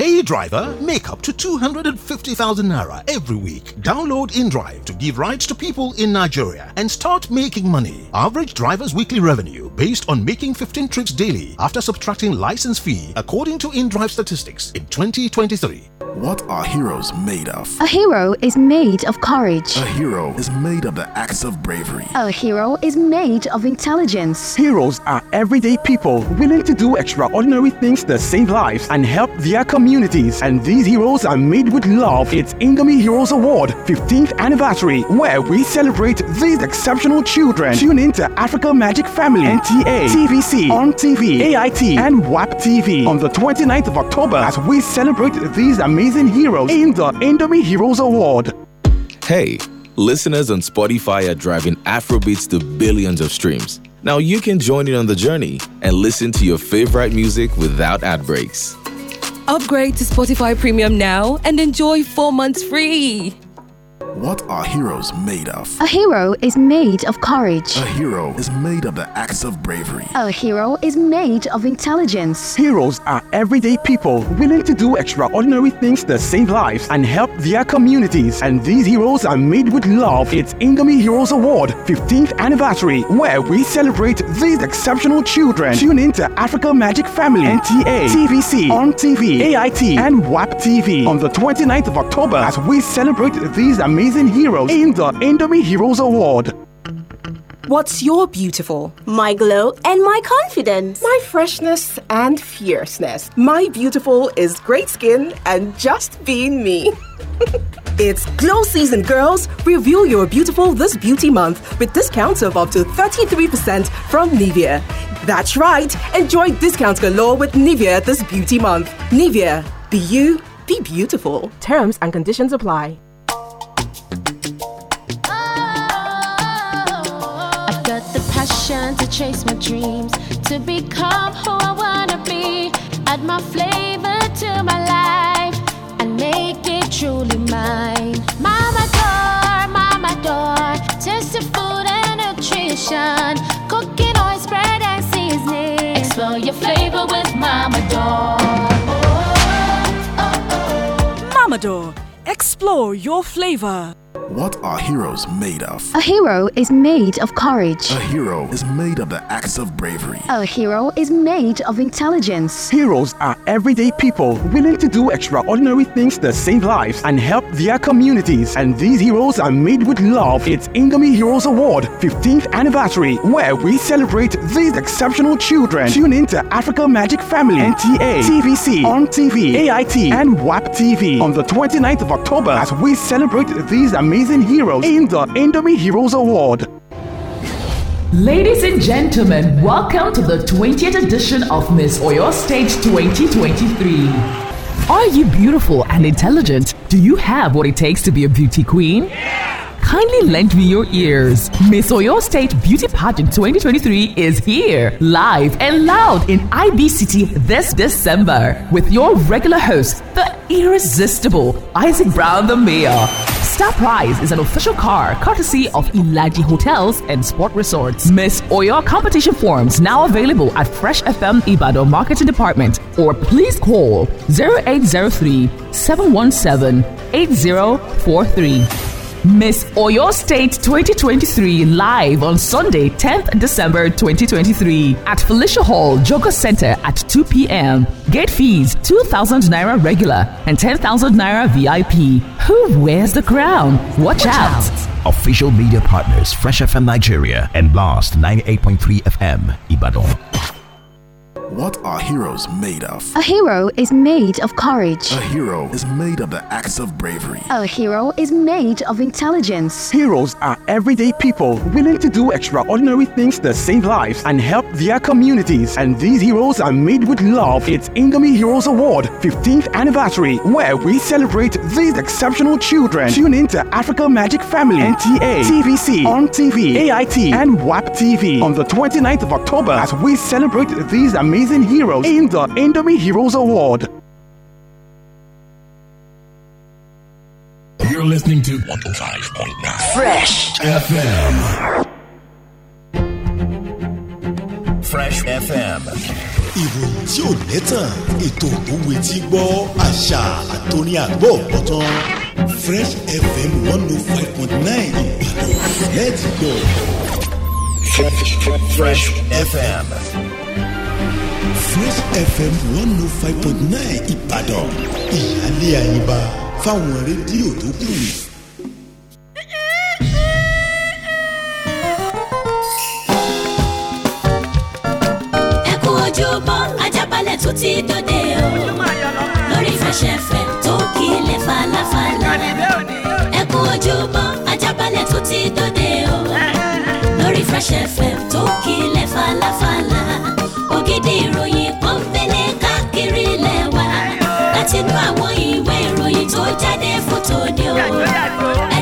Hey Driver, make up to 250,000 naira every week. Download InDrive to give rides to people in Nigeria and start making money. Average driver's weekly revenue based on making 15 trips daily after subtracting license fee according to InDrive statistics in 2023. What are heroes made of? A hero is made of courage. A hero is made of the acts of bravery. A hero is made of intelligence. Heroes are everyday people willing to do extraordinary things that save lives and help their community communities, and these heroes are made with love. It's Ingami Heroes Award 15th anniversary, where we celebrate these exceptional children. Tune in to Africa Magic Family, NTA, TVC, On TV, AIT, and WAP TV on the 29th of October as we celebrate these amazing heroes in the Indomie Heroes Award. Hey, listeners on Spotify are driving Afrobeats to billions of streams. Now you can join in on the journey and listen to your favorite music without ad breaks. Upgrade to Spotify Premium now and enjoy four months free. What are heroes made of? A hero is made of courage. A hero is made of the acts of bravery. A hero is made of intelligence. Heroes are everyday people willing to do extraordinary things that save lives and help their communities. And these heroes are made with love. It's Ingami Heroes Award 15th anniversary, where we celebrate these exceptional children. Tune in to Africa Magic Family, NTA, TVC, On TV, AIT, and WAP TV on the 29th of October as we celebrate these amazing Amazing Heroes in the Indomie Heroes Award. What's your beautiful? My glow and my confidence. My freshness and fierceness. My beautiful is great skin and just being me. it's glow season, girls. Review your beautiful this beauty month with discounts of up to 33% from Nivea. That's right. Enjoy discounts galore with Nivea this beauty month. Nivea, be you, be beautiful. Terms and conditions apply. chase my dreams, to become who I wanna be. Add my flavor to my life and make it truly mine. Mama door, mama door, the food and nutrition, cooking oil spread and seasoning. Explore your flavor with Mama door. Mama door, explore your flavor. What are heroes made of? A hero is made of courage. A hero is made of the acts of bravery. A hero is made of intelligence. Heroes are everyday people willing to do extraordinary things that save lives and help their communities. And these heroes are made with love. It's Ingami Heroes Award 15th anniversary, where we celebrate these exceptional children. Tune in to Africa Magic Family, NTA, TVC, On TV, AIT, and WAP TV on the 29th of October as we celebrate these amazing Amazing Heroes in the Indomie Heroes Award. Ladies and gentlemen, welcome to the 20th edition of Miss Oyo State 2023. Are you beautiful and intelligent? Do you have what it takes to be a beauty queen? Yeah! Kindly lend me your ears. Miss Oyo State Beauty Pageant 2023 is here, live and loud in IB City this December with your regular host, the irresistible Isaac Brown, the mayor. Star Prize is an official car courtesy of Ilaji Hotels and Sport Resorts. Miss Oyo competition forms now available at Fresh FM Ibado Marketing Department or please call 0803 717 8043. Miss Oyo State 2023 live on Sunday, 10th December 2023 at Felicia Hall, Joker Center at 2 p.m. Gate fees 2,000 naira regular and 10,000 naira VIP. Who wears the crown? Watch, Watch out. out. Official media partners Fresh FM Nigeria and Blast 98.3 FM, Ibadan. What are heroes made of? A hero is made of courage. A hero is made of the acts of bravery. A hero is made of intelligence. Heroes are everyday people willing to do extraordinary things that save lives and help their communities. And these heroes are made with love. It's Ingami Heroes Award 15th anniversary, where we celebrate these exceptional children. Tune in to Africa Magic Family, NTA, TVC, On TV, AIT, and WAP TV on the 29th of October as we celebrate these amazing Amazing Heroes in the Indomie Heroes Award. You're listening to 105.9 Fresh FM. Fresh FM. ìròyìn tí ò lẹ́tàn ètò òwetí gbọ́ àṣà àtòní àgbọ̀ bọ́tán Fresh FM one oh five point nine Ìbàdàn let's go Fresh, Fresh FM. Fresh FM one oh five point nine Ìbàdàn ìyáálé àyíbá fáwọn rédíò tó kù. ẹ kú ojúbọ Ajábalẹ̀ tó ti dòde o lórí Fresh FM tó kílẹ̀ falafala ẹ kú ojúbọ Ajábalẹ̀ tó ti dòde o lórí Fresh FM tó kílẹ̀ falafala ògidì ìròyìn kan fẹlẹ káàkiri ilẹ̀ wa láti inú àwọn ìwé ìròyìn tó jáde fótó ni o ẹ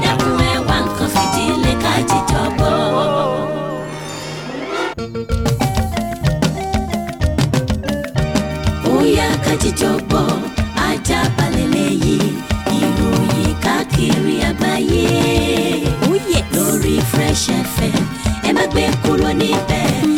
dákun ẹ wá nǹkan fìdílé ká jíjọ gbọ́. bóyá ká jíjọ gbọ́ ajá balẹ̀ lẹ́yìn ìròyìn káàkiri àgbáyé oh lórí Fresh FM ẹ má gbé kúrò níbẹ̀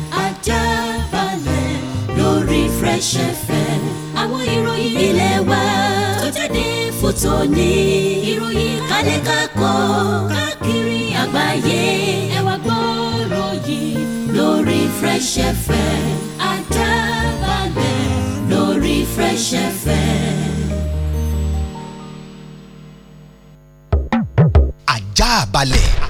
lórí Fresh FM àwọn ìròyìn ilé wa tó jáde fún tòní ìròyìn kálẹ̀ kákọ́ káàkiri àgbáyé ẹ wá gbọ́rọ̀ yìí lórí Fresh FM àdábàgbẹ̀ lórí Fresh FM. àjà balẹ̀.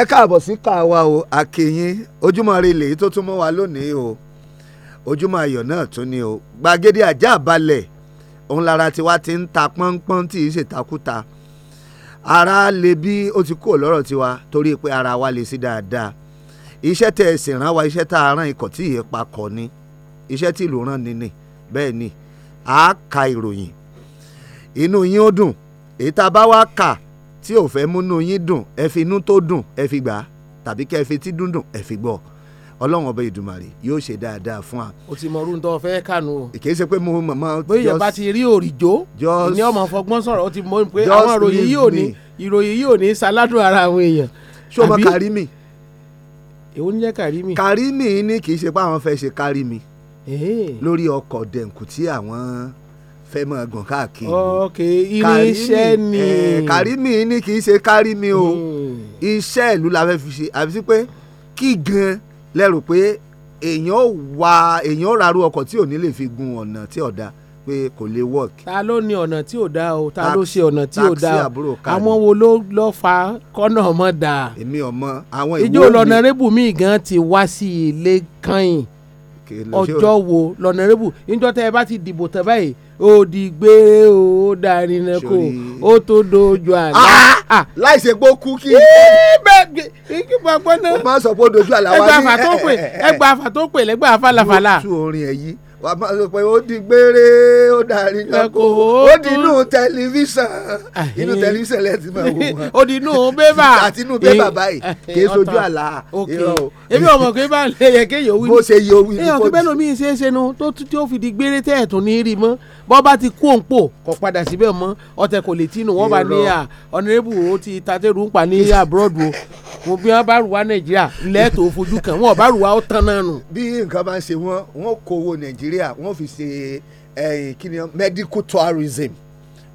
ẹ káàbọ̀ sí káwa o àkèyìn ojúmọ́ ire lèyí tó tún mọ́ wa lónìí o ojúmọ́ ayọ̀ náà tún ni o gbàgede àjà àbalẹ̀ òun lára tiwa ti ń ta pọ́npọ́n tí í ṣe takuta ara lè bí ó ti kó lọ́rọ̀ tiwa torí pé ara wa lè sí dáadáa iṣẹ́ tẹ̀ ẹ̀sìn rán wa iṣẹ́ tá a rán ikọ̀ tí ìyẹn pa kọ̀ ni iṣẹ́ tí ìlú rán ni bẹ́ẹ̀ ni a ka ìròyìn inú yín ó dùn èyí tá a bá wá kà tí ò fẹ́ múnú yín dùn ẹ fi inú tó dùn ẹ fi gbà á tàbí kẹ́ ẹ fi tí dúndùn ẹ fi gbọ́ ọlọ́run ọba ìdùmarè yóò ṣe dáadáa fún wa. o ti mọ orun tó fẹ́ kànú o. kì í ṣe pé mo mọ̀ mọ́. bóyá ìjọba ti rí òrìjó ní ọmọ fọgbọ́n sọ̀rọ̀ o ti mọ pé àwọn ìròyìn yìí ò ní ìròyìn yìí ò ní saládùn ara àwọn èèyàn. ṣé o mọ Karimi. èwo ni jẹ́ Karimi. Karimi ni kì í ṣe pé àwọn fẹ́ ṣe Karimi lórí ọkọ̀ dẹ̀ǹkù tí àwọn fẹ́ mọ̀ gùn káàkiri. ok irinṣẹ́ ni. Eh, kàrímì ni kì í ṣe kárìmì o hmm. iṣẹ́ ìlú la fẹ́ fi ṣe àfi sí pé kí gan lẹ́rù pé èèyàn ò wá èèyàn ò rárú ọkọ̀ tí ò ní lè fi gun ọ̀nà tí ò pé kò lè work. ta ló ní ọ̀nà tí ò dáa o ta ló ṣe ọ̀nà tí ò dáa o àwọn wo ló lọ fa kọ́nà ọmọ dáa. èmi ọmọ àwọn ìwé mi. ìjọ lọ́nà rébùmí gan ti wá sí ilé kan yìí ọjọ́ wo lọ́nàrẹ́bù níjọ́ tẹ́ ẹ bá ti dìbò tẹ́ báyìí ó di gbére o ó darin náà kó o tó dojú àlá. láì ṣe gbó kú kí. kí gbàgbọ́ náà. o máa sọ pé ó dojú àlá wa ní. ẹgbàáfà tó pè lẹ́gbàáfà làfàlà. yóò tú orin ẹ̀ yìí wàá máa sọ pé ó di gbére ó darí lọ́kọ̀ ó di inú tẹlifíṣàn inú tẹlifíṣàn lẹ́yìn tí màá wò wọ́n. ó di inú bébà àti inú bébà báyìí kì í sojú àlá irọ́ o. èmi ò mọ̀ pé bá lè yẹ kéèyàn wí. bó ṣe yẹ owí ni kò ní. èèyàn kí bẹ́ẹ̀ lómi ṣe é ṣe nu tó tí ó fi di gbére tẹ̀ tún ní rí mọ́ bọ́ bá ti kú òǹpò kò padà síbẹ̀ mọ́ ọ̀tẹ̀ kò lè tínú wọ́n bá ní à ọ̀nẹ́rẹ́bù ó ti tatẹ́rù ń pa ní àbúrọ̀dù o mo bí wọ́n bá rù wá nàìjíríà lẹ́ẹ̀tọ́ fojú kan wọ́n bá rù wá ó tán náà nù. bí nǹkan bá ń ṣe wọ́n wọ́n kó owó nàìjíríà nàìjíríà wọ́n fi ṣe eh, kíni medical tourism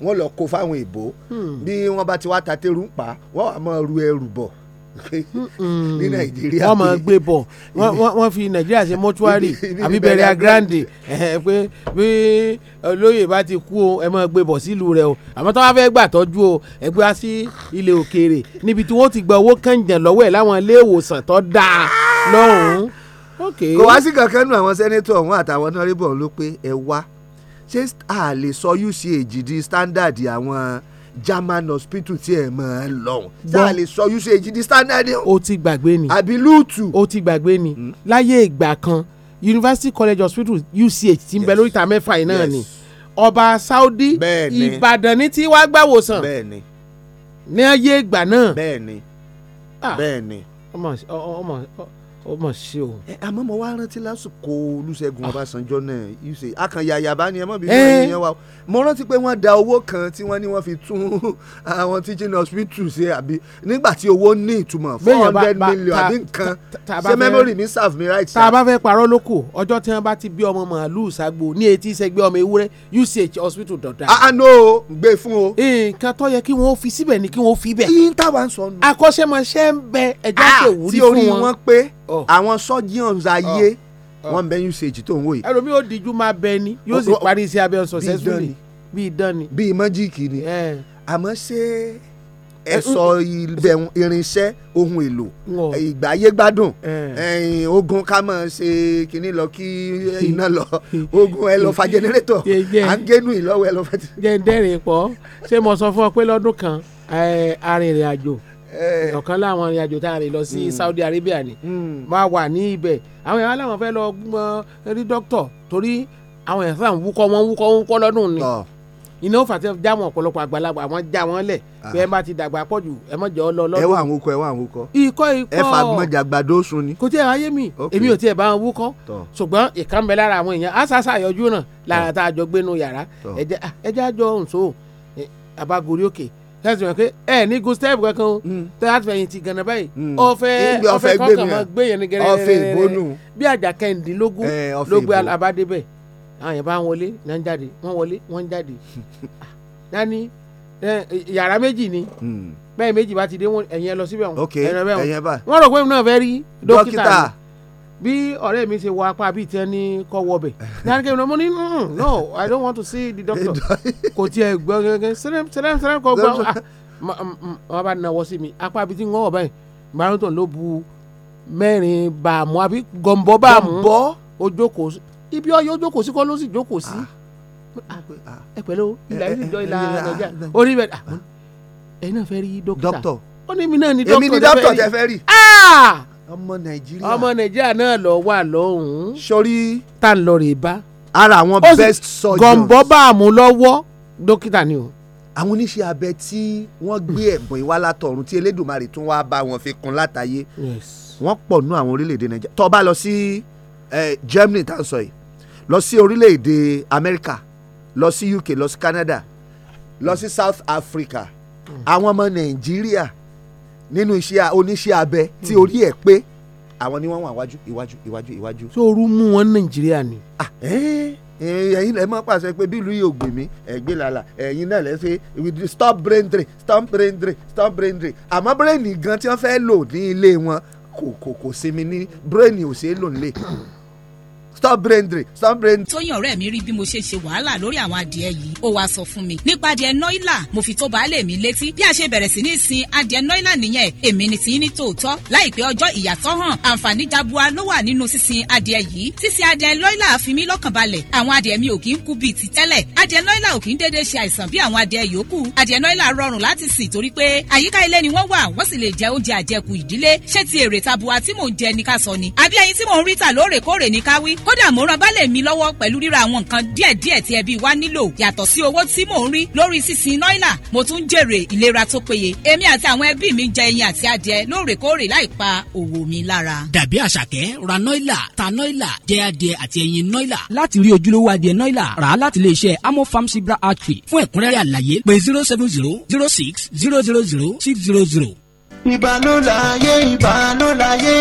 wọ́n lọ kó fáwọn èbó hmm. bí wọ́n bá ti wá ta tẹ́rù ń pa wọ́n wà máa ru ẹrù bọ̀ hmm. ní nàìjíríà wọ́n máa gbé bọ̀ wọ́n fi nàìjíríà ṣe mọ́túárì àbí bẹ̀rẹ̀ grande pé bí olóyè bá ti kú o ẹ máa gbé bọ̀ sílùú rẹ o àmọ́ tó bá fẹ́ gbà tọ́jú o ẹ gbé wá sí ilẹ̀ òkèèrè níbi tí wọ́n ti gba owó kànjàn lọ́wọ́ ẹ̀ láwọn ilé ìwòsàn tó dáa lọ́hùn kò wá sí kankan nù àwọn sẹ́nẹ́tọ̀ ọ̀hún àtàwọn nọ́rẹ́bù ọ̀hún ló pé ẹ wá ṣé a lè sọ usage di standard àwọn german hospital tí ẹ mọ̀ ẹ́ lọ́hùn ṣé a lè sọ usage di standard. o ti gbàgbé ni àbí lúùtù. o ti gbàgbé ni hmm. láyé ìgbà kan university college hospital uch ti ń bẹ lóríta mẹ́fà yìí náà ni ọba saudi ìbàdàn ní tí wàá gbà wòsàn ní ayé ìgbà náà. bẹ́ẹ̀ni ah. bẹ́ẹ̀ni. ọmọ ọmọ ó mọ̀ sí o. ẹ àmọ́ mo wá rántí lásìkò olùṣègùn ah. ọbásanjọ́ náà ìṣe akànyàyàbá ni ẹ mọ̀ bí wọ́n eh. yẹn wá mo rántí pé wọ́n da owó kan tí wọ́n ní wọ́n fi tún àwọn teaching hospital ṣe àbí nígbà tí owó ní ìtumọ̀ four hundred million àbí nǹkan ṣé memory mi serve me right. tá a bá fẹ́ parọ́ lóko ọjọ́ tí wọ́n bá ti bí ọmọ màálùú ṣàgbó ní etí ìṣẹ́gbẹ́ ọmọ ewúrẹ́ UCH hospital dọ̀dà. a ah, ah, no gbé fún o. nǹkan tó yẹ kí wọ́n fi síbẹ̀ ni kí wọ́n fi bẹ̀. yín táwa ń sọ nù. akọ́ṣẹ́mọṣẹ́ ń bẹ ẹjọ́ ṣèwúrí fún wọn. tí orí wọn pé àwọn surgeons ayé wọn bẹ usage tó ń wò yìí. ẹlòmíì ó díjú máa bẹ ni yóò sì parí iṣẹ́ abẹ successfully bíi dán ni. bíi májíìkì ni àmọ́ ṣé ẹ sọ ibẹ̀ irinṣẹ́ ohun èlò ìgbáyé gbádùn ogun ká mọ̀ ṣe kínní lọ kí iná lọ ogun ẹ lọ fa jẹnẹrétọ̀ à ń gẹnu ìlọ́wọ́ ẹ lọ fa. jẹ́ ń dẹ́rìn pọ̀ ṣé mo sọ fún ọ pé lọ́dún kan arìnrìn àjò Eh. ọ̀kan láwọn arìnrìn àjò tá a rè lọ sí hmm. Saudi Arabia ni máa hmm. wà ní ibẹ̀ àwọn èèyàn aláwọ̀ fẹ́ lọ rí dókítà torí àwọn èèyàn sáà ń wúkọ́ wọn wúkọ́ wọn kọ́ lọ́dún ni iná ó fàtẹ́ já wọn ọ̀pọ̀lọpọ̀ àgbàlagbà àwọn já wọn lẹ̀ pé ah. ẹ bá ti dàgbà pọ̀jù ẹ mọ̀ jẹ́ ọ lọ lọ́dún. ẹ wà àwọn okọ ẹ wà àwọn okọ. ikọ́ ikọ́ ẹ fàgbọ́njà gbàdo sun ni. kò tí ẹ ayé mi èmi ò tí ẹ bá wọn wúkọ́ ṣùgbọ́n ìkànnbẹ lára àwọn èèyàn àṣàṣà àyọjú náà lára tá a jọ gbénu yàrá ẹjẹ àjọ nsọ àbá gorí òkè tẹ́sí wọn pé ẹ ní good step kankan o hmm. tẹ́ ti gànà báyìí hmm. ọ̀fẹ́ ọ̀fẹ́ kọ́kàn mọ́ gbé yẹn ní gẹ́rẹ́rẹ́rẹ́ bí àjà kẹ́hìndínlógún eh, ló gbé Àlàbá àwọn yẹn bá ń wọlé náà ń jáde wọ́n wọlé wọ́n ń jáde dání yàrá méjì ni hmm. bẹ́ẹ̀ méjì bá ti dé ẹ̀yìn ẹ lọ síbẹ̀ wọn ẹ̀yìn ẹ bá wọn rò pé mi náà fẹ́ rí dókítà bí ọ̀rẹ́ mi ṣe wọ apá bíi tẹ́ni kọ́ wọbẹ̀ dáríkẹ́ mi lọ ní mm, no i don't want to see the doctor kò tiẹ̀ gbọ́ gẹ́gẹ́ sẹ́lẹ̀m sẹ́lẹ̀m sẹ́lẹ̀m kọ́ gbọ́ ah, wọn bá nawọ́ sí mi apá bíi tí ń wọ́n wọ̀ báyìí marathon ló bu mẹ́rin bàmú àbí gọ̀m̀bọ́ bàmú ojókòó ibi ọyọ ojókòó sí kọ́ ló sì jókòó sí ah. Ah, ẹ pẹ̀lú ìlà yìí eh, jọ ìlà eh, eh, nàìjíríà orí bẹ́ẹ̀ ẹ̀yin náà fẹ́ rí dókítà ó ní mi náà ní dókítà tẹ fẹ́ rí ọmọ nàìjíríà ọmọ nàìjíríà náà lọ wà lọ́hùn-ún. sọrí tá n lọ rè bá. ara àwọn best surgeons. gọ̀ǹbọ́ bá a mú lọ́wọ́ dókítà ni o. àwọn oníṣẹ́ abẹ tí wọ́n gbé ẹ̀bùn ìwá látọ̀run tí elédùnmarè tún wá bá wọn fi kún látàyè. wọ́n pọ̀ nú àwọn orílẹ̀-èdè nàìjíríà tó bá lọ sí germany tá n sọ yìí lọ sí orílẹ̀-èdè america lọ sí uk lọ sí canada lọ sí south africa hmm. àwọn ọmọ nàìjíríà nínú iṣẹ́ oníṣẹ́ abẹ tí hmm. orí ẹ̀ pé àwọn ni wọ́n wà wájú iwájú iwájú iwájú. tó orú mú wọn nàìjíríà ni. Ah, ẹ̀yin lẹ máa pàṣẹ pé bí ìlú yóò gbè mí ẹgbẹ́ làlà náà lẹ́sẹ̀ stop brain drain stop brain drain stop brain drain àmọ́ brain gan tí wọ́n fẹ́ lò ní ilé wọn kò kò kò sinmi ní brain ò ṣeé lò nílé stop brain drain stop brain. tóyìn ọ̀rẹ́ mi rí bí mo ṣe ṣe wàhálà lórí àwọn adìẹ yìí ó wàá sọ fún mi nípa adìẹ nọ́ìlà mo fi tó baálé mi létí bí a ṣe bẹ̀rẹ̀ sí ní sin adìẹ nọ́ìlà nìyẹn èmi ni tìyín ní tòótọ́ láìpẹ́ ọjọ́ ìyàtọ̀ hàn àǹfààní jabua ló wà nínú sísin adìẹ yìí sísin adìẹ nọ́ìlà fi mí lọ́kàn balẹ̀ àwọn adìẹ mi ò kí ń kú bíi ti tẹ́lẹ̀ adìẹ nọ́ìlà ò kí ń déédéé ṣe àìsàn kódà mo ràn bálẹ̀ mi lọ́wọ́ pẹ̀lú ríra àwọn nǹkan díẹ̀díẹ̀ tí ẹbí wa nílò yàtọ̀ sí owó tí mò ń rí lórí sísin nọ́ìlà mo tún jèrè ìlera tó péye èmi àti àwọn ẹbí mi jẹ ẹyin àti adìẹ lóòrèkóòrè láì òwò mi lára. dàbí àṣàkẹ́ ra nọ́ìlà ta nọ́ìlà jẹ adìẹ àti ẹyin nọ́ìlà. láti rí ojúlówó adìẹ nọ́ìlà rà á láti iléeṣẹ́ amo farm cibra archery fún ẹ̀kúnrẹ́rẹ́ àlàyé pé zero seven zero zero six zero zero zero six zero zero. ìbálòláyé ìbálòláyé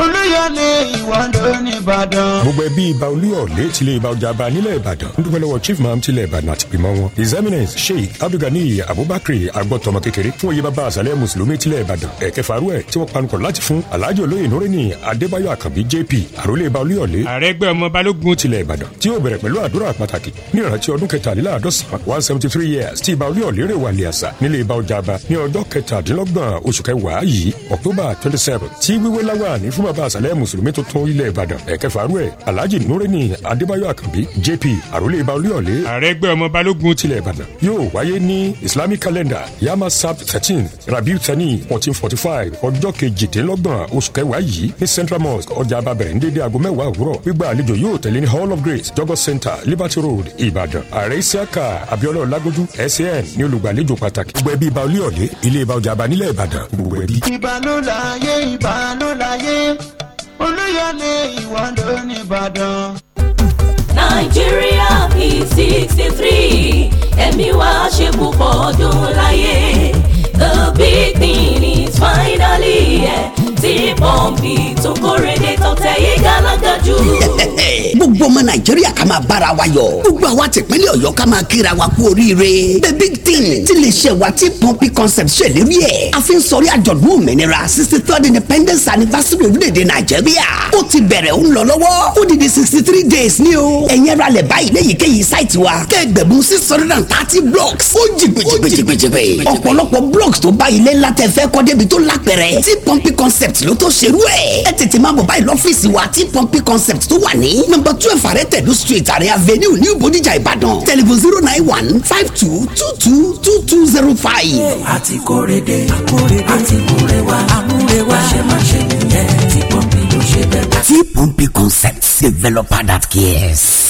olúyọ ni ìwà ló ní ìbàdàn. gbogbo ẹbí ìbà olúyọ̀lé tilé ìbà ọjàba nílẹ̀ ìbàdàn ń dúpẹ́ lọ́wọ́ chief maam tilẹ̀ ìbàdàn àti ìgbìmọ̀ wọn his eminence sheikh abdulgani abubakar agbọ́tọmọ kékeré fún oyè bàbá àṣàlẹ̀ mùsùlùmí tilẹ̀ ìbàdàn ẹ̀kẹfàárú ẹ̀ tí wọ́n panukọ̀ láti fún alhaji olóyè nureni adébáyọ̀ àkànbí jp àrólé ìbà olúyọ̀lé. àrẹgbẹ́ ọmọ balógun tilẹ̀ ìbàdàn tí yóò bẹ̀rẹ̀ pẹ̀lú àdúrà pàtàkì ní ìrántí ọdún kẹtàléláàdọ́sán one seventy three years tí ìbà olúyọ̀lé rè wà lè àṣà nílé ìbà ọjàba ní ọjọ́ kẹtàdínlọ́gbọ̀n oṣù kẹwàá yìí october twenty seven tí wíwé láwà ní fún bàbá àṣàlẹ̀ mùsùlùmí tuntun ilẹ̀ ìbàdàn ẹ̀kẹfàárú ẹ̀ alhaji nureni adébáyọ̀ àkànbí jp àròlé ibà olúyọ̀lé ọmọ balógun tilẹ̀ ìbàdàn yóò wáyé ní islamic calendar yama sab thirteen rabiu tani fourteen forty five ọjọ́ kejìdínlọ́gbọ̀n oṣù kẹwàá yìí ní central mosque ọjà ababẹ̀rẹ̀ ní dédé aago mẹ́wàá òwúrọ̀ gbígba àlejò yóò tẹ̀lé ní hall of grace jọgọ center liberty road ìbàdàn ààrẹ isiaka abiola olagoju san ní olùgbàlejò pàtàkì gbogbo ẹbí ibà olúyọ̀lé ilé ibà ọjà abanílẹ̀ ìbàdàn gbogbo ẹbí. ìbà ló láyé ìbà ló olùyọ̀lé ìwọ́ndó nìbàdàn. nàìjíríà p sixty three ẹ̀mí wa ṣe púpọ̀ ọdún láyé the big thing is finally here. Yeah tí pọ́ǹpì tó kórè dé tọ̀tẹ̀ yìí gàlágà jù. gbogbo ọmọ nàìjíríà ká máa bára wa yọ̀ gbogbo àwa tìpínlẹ̀ ọ̀yọ́ ká máa kíra wa kú oríire the big thing ti lè ṣe wa tí pọ́ǹpì concept ṣe ẹ̀ a fi ń sọrí àjọ̀dún òmìnira sixty third independence anniversary orílẹ̀-èdè nàìjíríà ó ti bẹ̀rẹ̀ ó ń lọ lọ́wọ́ ó di di sixty three days ní o ẹ̀yẹ́ ra lẹ̀ báyìí léyìíkéyìí sáìtì wa kẹ́gbẹ̀mú six hundred and thirty blocks ó jì gbèjìgbèjìgbèjìgbè ọ̀pọ̀lọpọ̀ blocks tó báyìí lẹ́ńlá tẹ fẹ́ kọ́ débi tó lápẹ̀rẹ̀ tí pọ́ǹpì concept concept ló tó ṣerú ẹ̀. ẹ tètè máa bọ̀ báyìí lọ́fíìsì wa tí pọ́ńpì concept tó wà ní. nọ́mbà twelve àrẹ tẹ̀lú street àrẹ avenue new bodijà ìbàdàn tẹlifon zero nine one five two two two two two zero five. àti kórede àti múrewa àmúrewa àṣemáṣe nìyẹn tí pọ́ńpì ló ṣe bẹ́ẹ̀. tí pọ́ńpì concept developer that cares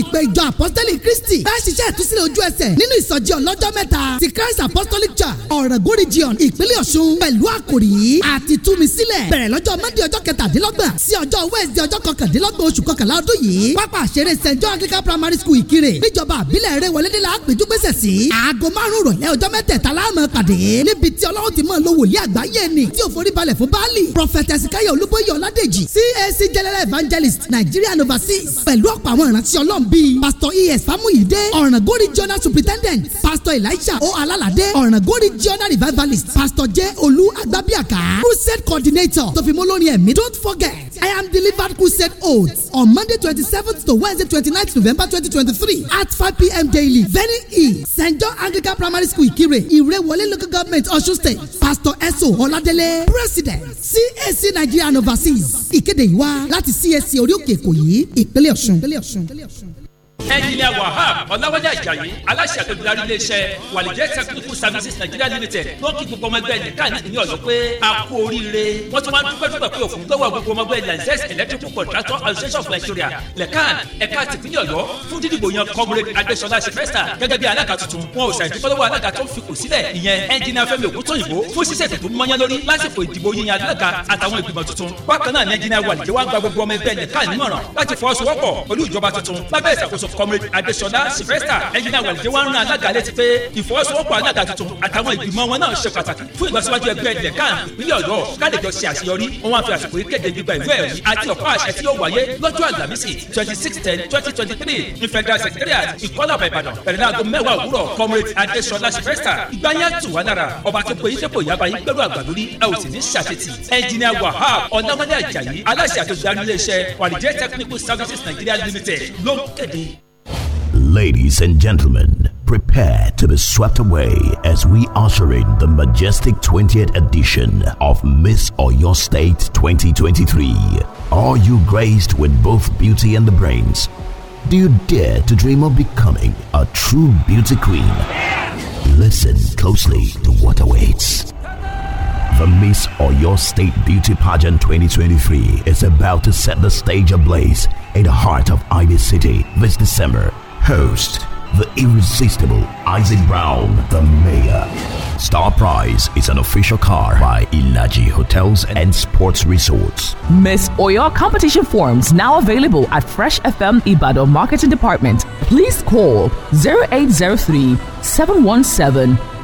ìpè ìjọ apostolic christy bá ṣiṣẹ́ ìtúsílẹ̀ ojú ẹsẹ̀ nínú ìsọjí ọlọ́jọ́ mẹ́ta ti christ apostolic church ọ̀rẹ́gùn region ìpínlẹ̀ ọ̀ṣun pẹ̀lú àkòrí àti túmi sílẹ̀ bẹ̀rẹ̀ lọ́jọ́ monday ọjọ́ kẹtàdínlọ́gbọ̀n sí ọjọ́ wednesday ọjọ́ kọkàndínlọ́gbọ̀n oṣù kọkànlá ọdún yìí pápá àṣẹrẹ st john anglican primary school ìkirè níjọba àbílẹ̀ eré wọlédè la péjú pésẹ̀ sí aago márùn rọ̀lẹ́ ọjọ́ mẹ́tẹ̀ẹ̀ta láàmú pàdé níbi tí ọlọ́run ti máa lo wòlíì àgbáyé ni tí ò forí balẹ̀ fún baálì prophetess káyọ̀ olúbóyè ọládèjì cac general evangelist nigerian overseas pẹ̀lú ọ̀pọ̀ àwọn ìrántí ọlọ́run ọlọ́run bíi pastor es famuyide ọ̀ràngórí regional superintendent pastor elisha o alalade ọ̀ràngórí regional revivalist pastor j olú agbábíàká crusade coordinator tòfimolórin ẹ̀mí don't forget i am delivered crusade oath on monday twenty seventh to wednesday twenty ninth november twenty twenty three at five pm daily very e st john anglican primary school ìkirè ìrẹ́wọlé local government ọ̀ṣun state pastor eso ọládélé president cac nigeria and overseas ìkéde ìwá láti cac orí òkè èkó yìí ìpínlẹ̀ ọ̀ṣun ẹnjìnìà wahab ọ̀làwálé ajayi aláṣẹ àtẹ̀dúdarí iléeṣẹ́ wàlíjẹ́ technical services nigeria limited tó kí gbogbo ọmọ ẹgbẹ́ ẹ̀ nìkan ní ọ̀yọ́ pé a kú oríire wọ́n tún máa ń dúpẹ́ dúpẹ́ pé òfin gbọ́wọ́ gbogbo ọmọ ẹgbẹ́ lanzes electrical contractor association of nigeria lekan ẹ̀ka tìpínlẹ̀ ọ̀yọ́ fún dídìbò yan comrade adéṣọlá sylvester gẹ́gẹ́ bí alága tuntun wọn ò ṣàìtú fọlọ́wọ́ alága tó ń fipò sílẹ̀ ìyẹn ẹnjìnìà fẹ́mi ògúntóyìnbó fún ṣíṣẹ́ tuntun mọ́yán lórí lásìkò ìdìbò yíyan alága àtàwọn ìgbìmọ̀ tuntun bákan náà ní ẹnjìnìà wàlíjẹ́ wá gba gbogbo ọmọ ẹgbẹ́ nìkan nímọ̀ràn láti fọwọ́sowọ́pọ̀ pẹ̀lú ìjọba tuntun lábẹ́ ìṣàkóso comrade adesola sylvester ẹnjìnà wẹ̀lẹ̀dẹ̀ wá ń ran alága létí pé ìfọwọ́sowọ́pọ̀ alága tuntun àtàwọn ìgbìmọ̀ wọn náà ṣe pàtàkì fún ìlọsíwájú ẹgbẹ́ dẹ̀kan ìpínlẹ̀ ọ̀yọ́ kálí jọ ṣe àṣeyọrí wọn wá fi àsìkò ìkéde gbígba ìwé ẹ̀rí àti ọ̀pá àṣẹ tí yóò wáyé lọ́jọ́ àlàmísì twenty six ten twenty twenty three ní federal secretariat ìkọ́lá ọ̀bà ìbàdàn pẹ̀lú aago mẹ́wàá òwúrọ̀ comrade adesola sylvester ìgbáyà tù wá lára ọba tó pe iṣẹ́ pò yaba yín gbẹ́rù àgbàlórí ẹ ò sì ní ṣàṣetì ẹnjìnìà wahab ọ̀nàmọ́lẹ̀ ajayi aláṣẹ àtòjúdarí iléeṣẹ́ wàlíjẹ́ technical services nigeria limited ló ń Ladies and gentlemen, prepare to be swept away as we usher in the majestic 20th edition of Miss or Your State 2023. Are you graced with both beauty and the brains? Do you dare to dream of becoming a true beauty queen? Listen closely to what awaits. The Miss or Your State Beauty Pageant 2023 is about to set the stage ablaze in the heart of Ivy City this December Host, the irresistible Isaac Brown, the mayor. Star Prize is an official car by Ilaji Hotels and Sports Resorts. Miss Oyo competition forms now available at Fresh FM Ibado Marketing Department. Please call 0803 717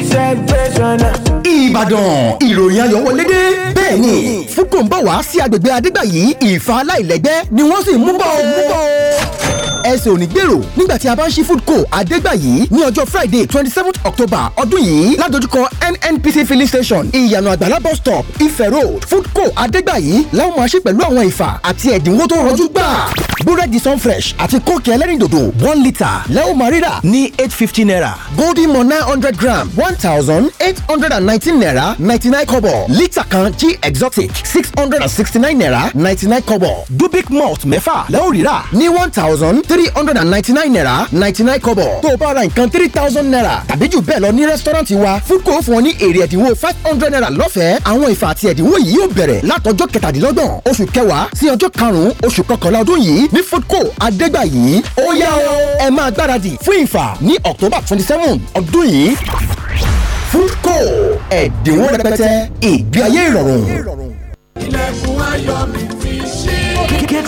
ìbàdàn ìròyìn ayọ̀ wọlé dé bẹ́ẹ̀ ni fúkò ń bọ̀ wá sí agbègbè adégbàyí ìfà aláìlẹ́gbẹ́ ni wọ́n sì mú bọ̀ mú bọ̀ ẹsẹ̀ ò ní gbèrò nígbà tí a bá ń ṣí food co adégbàyí ní ọjọ́ friday twenty seven october ọdún yìí ládojúkọ nnpc filling station ìyànà àgbàlá bus stop ife road food co adégbàyí láwọn máa ṣe pẹ̀lú àwọn ìfà àti ẹ̀dínwó tó rọjú gbà búrẹ́dì sunfresh àti kóòkì ẹlẹ́rìndòdò one litre lẹ́wọ̀n máa rírà ní eight fifty naira golden mo nine hundred gram one one thousand eight hundred and nineteen naira ninety-nine kobo lítà kan g exotic six hundred and sixty-nine naira ninety-nine kobo dubic malt mẹ́fà lẹ́wọ̀n rírà ní one thousand three hundred and ninety-nine naira ninety-nine kobo tó o bá ra nǹkan three thousand naira tàbí jù bẹ́ẹ̀ lọ ní rẹ́sítọ́rọ̀ǹtì wa foodco fún ọ ní èrè ẹ̀dínwó five hundred naira lọ́fẹ̀ẹ́ àwọn ìfà àti ẹ̀dínwó yìí yóò bẹ̀rẹ̀ látọjọ́ kẹtàdínlọ́gbọ̀n oṣù kẹwàá sí ọjọ́ karùn-ún oṣù kọkànlá ọdún yìí ní foodco adégbàyí ó yá o ẹ máa gbáradì fún ìfà ní october twenty seven ọdún yìí foodco ẹ̀dínwó rẹpẹtẹ ìgbé ayé ìrọ̀rùn. ilẹ̀kùn ayọ̀ mi ti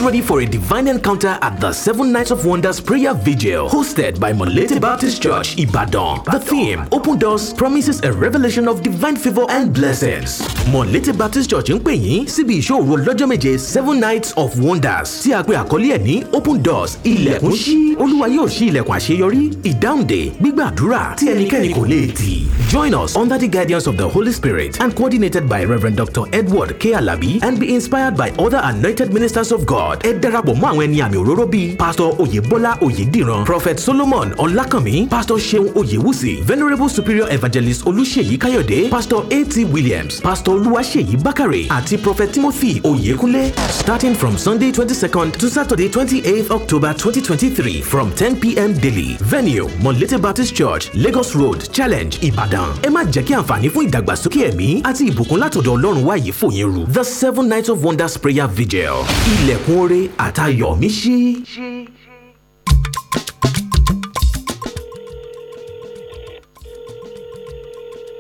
ready for a divine encounter at the Seven Nights of Wonders Prayer Vigil, hosted by Molete Baptist Church, Ibadan. The theme, Open Doors, promises a revelation of divine favor and blessings. Molete Baptist Church ń pè yín síbi ìṣòro lọ́jọ́ méje Seven Nights of Wonders tí a pè àkọlé ẹ̀ ní Open Doors, ilẹ̀kùn ṣí. Olúwa yóò ṣí ilẹ̀kùn àṣeyọrí, ìdáhùndè, gbígbàdúrà tí ẹnikẹ́ni kò lè tì. Join us under the guidance of the Holy Spirit and coordinated by Rev. Dr. Edward K. Alabi and be inspired by other anointed ministers of God god ẹ darapọ̀ mọ́ àwọn ẹni àmì òróró bíi pastor oyèbọ́lá oyèdìran prophet solomon ọlákànmí pastor ṣeun oyèwùsì venerable superior evangelist olúṣèyí káyọ̀dé pastor at williams pastor olúwaṣèyí bákàrè àti prophet timothy oyèkúnlé starting from sunday twenty second to saturday twenty eighth october twenty twenty three from ten pm daily venue monlete baptist church lagos road challenge ibadan ẹ má jẹ́ kí àǹfààní fún ìdàgbàsókè ẹ̀mí àti ìbùkún látọ̀dọ̀ ọlọ́run wáyé fòyín ru the seven nights of wonders prayer vigil ilẹ̀kùn oore àtayọ̀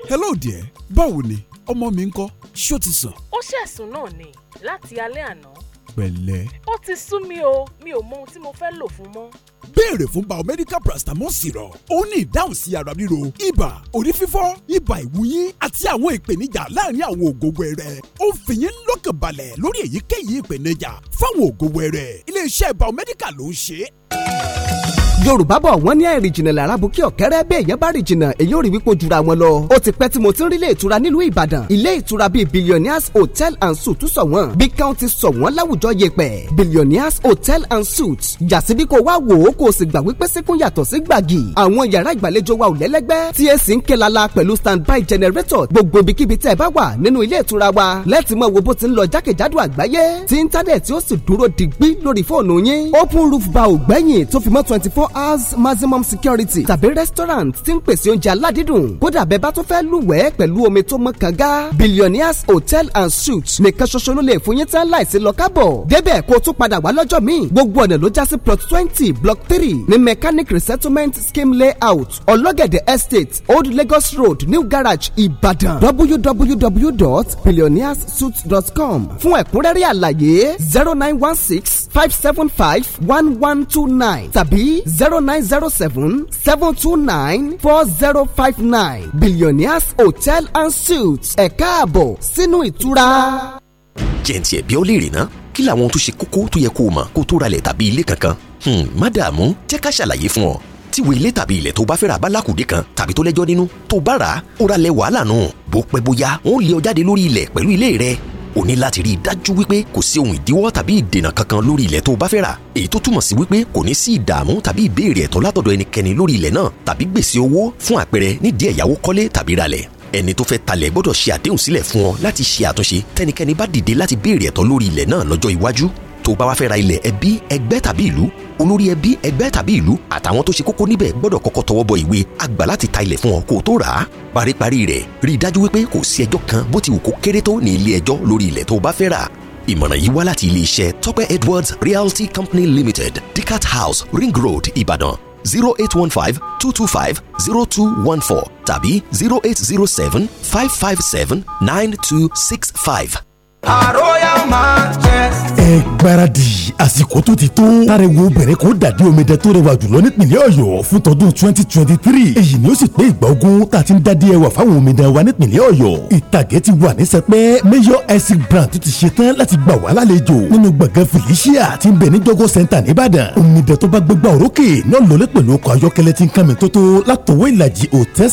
hello dear báwo ni ọmọ mi ń kọ́ ṣó ti sàn. ó ṣẹ̀sùn náà ni láti alẹ́ àná pẹ̀lẹ́. ó ti sú mi o mi ò mọ ohun tí mo fẹ́ lò fún mọ́ béèrè fún biomedical paracetamol sirọ ó ní ìdáhùn sí ara ríro ibà orí fífọ́ ibà ìwúyín àti àwọn ìpèníjà láàrin àwọn ògógó ẹrẹ ó fi yín lọ́kàn balẹ̀ lórí èyíkéyìí ìpèníjà fáwọn ògógó ẹrẹ iléeṣẹ́ biomedical ló ń ṣe yorùbá bọ̀ wọ́n ní àìrìnjìnà lára bukí ọ̀kẹ́rẹ́ bẹ́ẹ̀ yẹn bá rìnjìnà èyí ò rí wípé jura wọn lọ. ó ti pẹ́ tí mo ti ń rí ilé ìtura nílùú ìbàdàn ilé ìtura bíi billionaires hotel and suites sọ wọ́n bí káwọn ti sọ wọ́n láwùjọ yẹpẹ̀ billionaires hotel and suites yàtí bí kò wá wò ó kò sì gbà wípé síkún yàtọ̀ sí gbàgì àwọn yàrá ìgbàlejò wa ò lẹ́lẹ́gbẹ́ tí èsì ń ké lala pẹ̀lú standby generator gbogbo ibikíbi tẹ́ ẹ bá wà nínú ilé ìtura wa lẹ́tì mọ́ wo bó ti ń lọ jákèjádò àgbáyé tí íńtánẹ̀tì ó sì dúró digbí lórí fóònù yín open roof bar ò gbẹ́yìn tó fi mọ́ twenty four house maximum security tàbí restaurant tí ń pèsè oúnjẹ aládídùn kódà bẹ́ẹ̀ bá tún fẹ́ lúwẹ̀ẹ́ pẹ̀lú omi tó mọ́ kànga billionaires hotel and suites nìkan ṣoṣo ló lè fún yín tán láìsí lọ kábọ̀ débẹ̀ kó o tún padà wá lọ́jọ́ míì gbogbo ọ̀nà ló já sí plot twenty block three ní mechanic resettlement scheme layout ọlọ́gẹ̀dẹ̀ estate old lagos road new garage ìbàdàn www.billionairessuites.com fún ẹ̀kúnrẹ́rẹ́ àlàyé zero nine one six five seven five one one two nine tàbí zero zero nine zero seven seven two nine four zero five nine billionaires hotel and suites ẹ̀ka àbọ̀ sínú ìtura. jẹ́ǹtì ẹ̀bí ó lè rìn ná kí làwọn tó ṣe kókó tó yẹ kó o mọ̀ kó o tó ralẹ̀ tàbí ilé kankan hmm, má dààmú jẹ́ ká ṣàlàyé fún ọ tíwèé ilé tàbí ilẹ̀ tó bá fẹ́ rà bá kan tàbí tó lẹ́jọ́ nínú tó bá rà á ó ralẹ̀ wàhálà nù bó pẹ́ bóyá wọ́n lé ọ jáde lórí ilẹ̀ pẹ̀lú ilé rẹ̀ o ní láti rí i dájú wípé kò sí ohun ìdíwọ́ tàbí ìdènà kankan lórí ilẹ̀ tó o bá fẹ́ rà èyí tó túmọ̀ sí wípé kò ní sí ìdààmú tàbí ìbéèrè ẹ̀tọ́ látọ̀dọ̀ ẹnikẹ́ni lórí ilẹ̀ náà tàbí gbèsè owó fún àpẹẹrẹ nídìí ẹ̀yáwó kọ́lé tàbí ralẹ̀ ẹni tó fẹ́ talẹ̀ gbọ́dọ̀ ṣe àdéhùn sílẹ̀ fún ọ láti ṣe àtúnṣe tẹnikẹ́ni bá dìde láti béèrè ẹ̀tọ́ lórí ilẹ̀ náà lọ́jọ́ iwájú tó bá wá fẹ́ ra ilẹ̀ ẹbí ẹgbẹ́ tàbí ìlú olórí ẹbí ẹgbẹ́ tàbí ìlú àtàwọn tó ṣe kókó níbẹ̀ gbọ́dọ̀ kọ́kọ́ tọwọ́ bọ ìwé agbà láti ta ilẹ̀ fún ọ kó tó rà á paríparí rẹ̀ rí i dájú wípé kò sí ẹjọ́ kan bó ti wù kó kéré tó ní ilé ẹjọ́ lórí ilẹ̀ tó bá fẹ́ rà ìmọ̀ràn yìí wá láti iléeṣẹ́ Tọ́pẹ́ Edwards Realty Company Limited Decat House Ring Road Ìbàdàn zero eight one five two two five zero two one four tàbí zero eight zero seven five five seven nine two six five. Our Royal Majesty ẹ gbáradì àsìkò tó ti tó tariwo bẹ̀rẹ̀ kó dàdí omidan tó rẹwà jùlọ nípìnlẹ̀ ọ̀yọ́ fún tọdún twenty twenty three èyí ni ó sì pé ìgbà ogún tá a ti ń dádí ẹwà fáwọn omidan wa nípìnlẹ̀ ọ̀yọ́ ìtàgé ti wà ní sẹpẹ́ mayor essex brand tó ti ṣe tán láti gbà wá lálejò nínú gbọ̀ngàn felicia ti ń bẹ ní jọgọ́ center nìbàdàn omidan tó bá gbégbá òrókè náà lọlé pẹ̀lú ọkọ̀ ayọ́kẹ́lẹ́ ti ń kàmì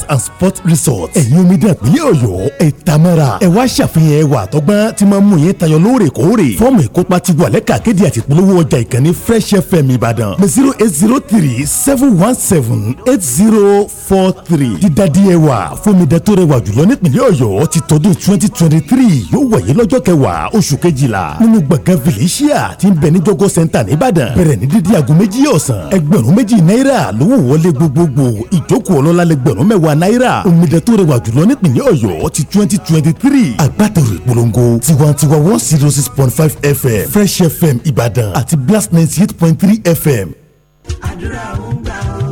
and sports resort ẹ̀yin omidan ìpínlẹ̀ ọ̀yọ́ ẹ̀ tamara ẹ̀ wá ṣàfihàn ẹwà àtọ́gbọ́n tí máa mú yín tayọ lóòrèkóòrè fọ́ọ̀mù ìkópa ti wà lẹ́ka akéde àti ìpolówó ọjà ìkànnì fresh fm ìbàdàn pé zero eight zero three seven one seven eight zero four three dídádì ẹwà fomidẹ tó rẹwà jùlọ nípìnlẹ̀ ọ̀yọ́ ti tọdún twenty twenty three yóò wáyé lọ́jọ́ kẹwàá oṣù kejìlá nínú gbọ̀ngàn felicia ti ń bẹ ní jọgọ center nìbàdàn bẹ̀rẹ̀ ní dídí aago méjì ọ̀sán ẹgbẹ̀rún méjì náírà lówó wọlé gbogbogbò ìjókòó ọlọ́lá lẹgbẹ̀rún mẹ́wàá náírà omidẹ tó rẹwà jùlọ nípìnlẹ̀ ọ̀yọ́ ti twenty twenty three àgbàtẹ̀rù ìpolongo tiwantiwa one zero six point five fm fresh fm ìbàdàn àti blast ninety eight point three fm. àdúrà ń gbà ó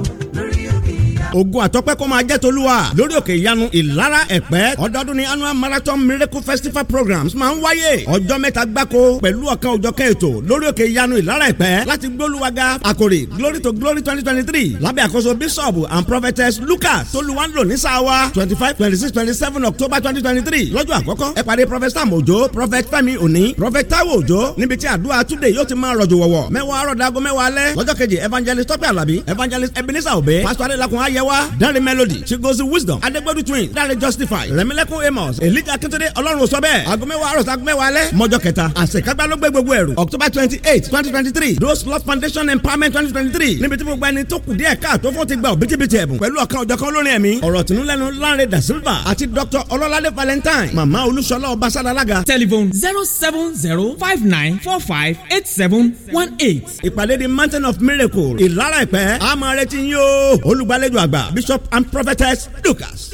ògo àtọ́pẹ́ kó máa jẹ́ tolúwa lórí òkè ìyanu ìlara ẹ̀pẹ́ ọdọọdún ni annual marathon miracle festival programs máa ń wáyé ọjọ́ mẹ́ta gbáko pẹ̀lú ọ̀kan òjọ̀kan ètò lórí òkè ìyanu ìlara ẹ̀pẹ́ láti gbólúwaga àkòrí glory to glory twenty twenty three lábẹ́ àkóso bishop and prophetess lucas tolúwanlò ní sáwa twenty five twenty six twenty seven october twenty twenty three lọ́jọ́ àkọ́kọ́ ẹ pàdé prophet sam ojo prophet fẹ́mi òní prophet taiwo ojo níbi tí àdúrà túnde yóò ti máa rọ̀jò wọ̀wọ̀ mẹ́wàá rọ̀dàgọ́ mẹ́wàá alẹ́ lọ́jọ́ kejì evangelist tọ́pẹ́ alábí evangelist ebenezer obe pastor adelakun ayẹw wa Dare Melody she goes with Wisdom Adegbodun twins Dare Justify Rẹ̀mílẹ́kùn Amos Elijah Akíntúndé Ọlọ́run sọ bẹ́ẹ̀ aago mẹ́wàá àròsọ aago mẹ́wàá alẹ́ mọ́jọ kẹta àṣekágbá ló gbé gbogbo ẹ̀rù October twenty eight twenty twenty three Rose Love Foundation Empowerment twenty twenty three níbi tí gbogbo ẹni tó kù díẹ̀ káàtó fún ti gba òbítíbitì ẹ̀bùn pẹ̀lú ọ̀kan òjọ̀kan olórin ẹ̀mí ọ̀rọ̀ tìǹlẹ́nu Lanre Da Silva àti Dr Ọlọ́ládé Valentine Màmá Olúṣọlá Ọbaṣálá Alága telephone zero seven zero five nine four five eight seven one eight. ìpàdé di Mountain of Miracle ìlara ìpẹ́ àmọ́ retí yín o olùgbàlejò à àgbà bishop and prophetess lucas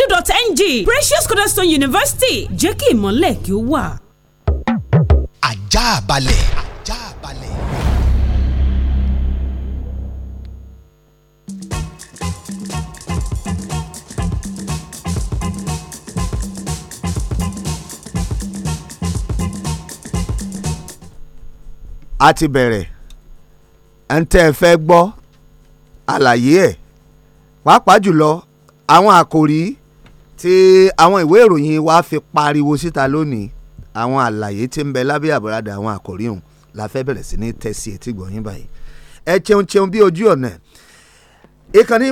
edu.ng Precious Cornerstone University jẹ́ kí ìmọ̀lẹ̀ kí ó wà. ajá balẹ̀. ajá balẹ̀. a ti bẹ̀rẹ̀ ń tẹ́ ẹ fẹ́ gbọ́ àlàyé ẹ̀ pàápàá jùlọ àwọn àkòrí tí àwọn ìwé ìròyìn wa fi pariwo síta lónìí àwọn àlàyé tí ń bẹ lábẹ́ àbúradà àwọn àkòrí ọ̀hún la fẹ́ bẹ̀rẹ̀ sí ní tẹ̀sí etí gbọ̀nyìn báyìí ẹ cheun cheun bí ojú ọ̀nà ìkànnì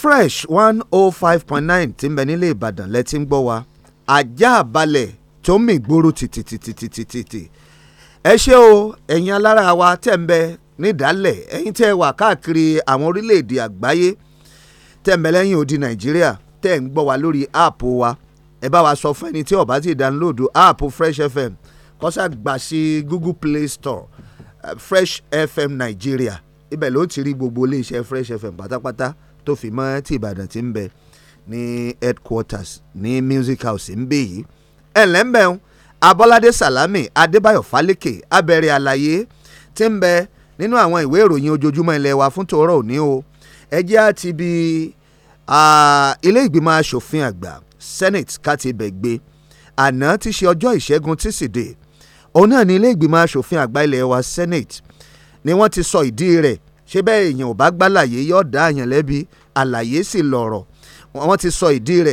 fresh one oh five point nine tí ń bẹ nílé ìbàdàn lẹ́tí ń gbọ́ wa ajá balẹ̀ tó mì gbòòrò tìtìtìtìtìtì ẹ ṣé o ẹ̀yin alára wa tẹ̀ ń bẹ nídàálẹ̀ ẹ̀yin tẹ́ wà káàkiri àwọn orílẹ̀-èdè àgbáyé tẹ̀ ń bẹ lẹ́yìn odi nàìjíríà tẹ̀ ń gbọ́ wa lórí app wa ẹ bá wa sọ fún ẹni tí ó ti download app fresh fm kọ́sà gbà sí google play store eh, fresh fm nigeria ibẹ̀ ló ti rí gbogbo iléeṣẹ́ fresh fm pátápátá tó fi mọ́ ti ìbàdàn tí ń bẹ ní headquarters ní music house ń bẹ yìí ẹ̀lẹ́mbẹ̀ún abọ́ládé salami adébáyọ̀ fálékè abẹ́rẹ́ àlàyé tí ń bẹ nínú àwọn ìwé ìròyìn ojoojúmọ́ ilé wa fún tòórọ́ òní o ẹ jẹ́ àti bíi ilé ìgbìmọ̀ asòfin àgbà senate káti ibẹ̀ gbé àná ti ṣe ọjọ́ ìṣẹ́gun tísídẹ̀ẹ́ òun náà ni ilé ìgbìmọ̀ asòfin àgbà ilẹ̀ wa senate ni wọ́n ti sọ ìdí rẹ̀ ṣé bẹ́ẹ̀ èèyàn ò bá gbàlàyé yóò dá àyàn àlàyé sì lọ̀rọ̀ wọ́n ti sọ ìdí rẹ̀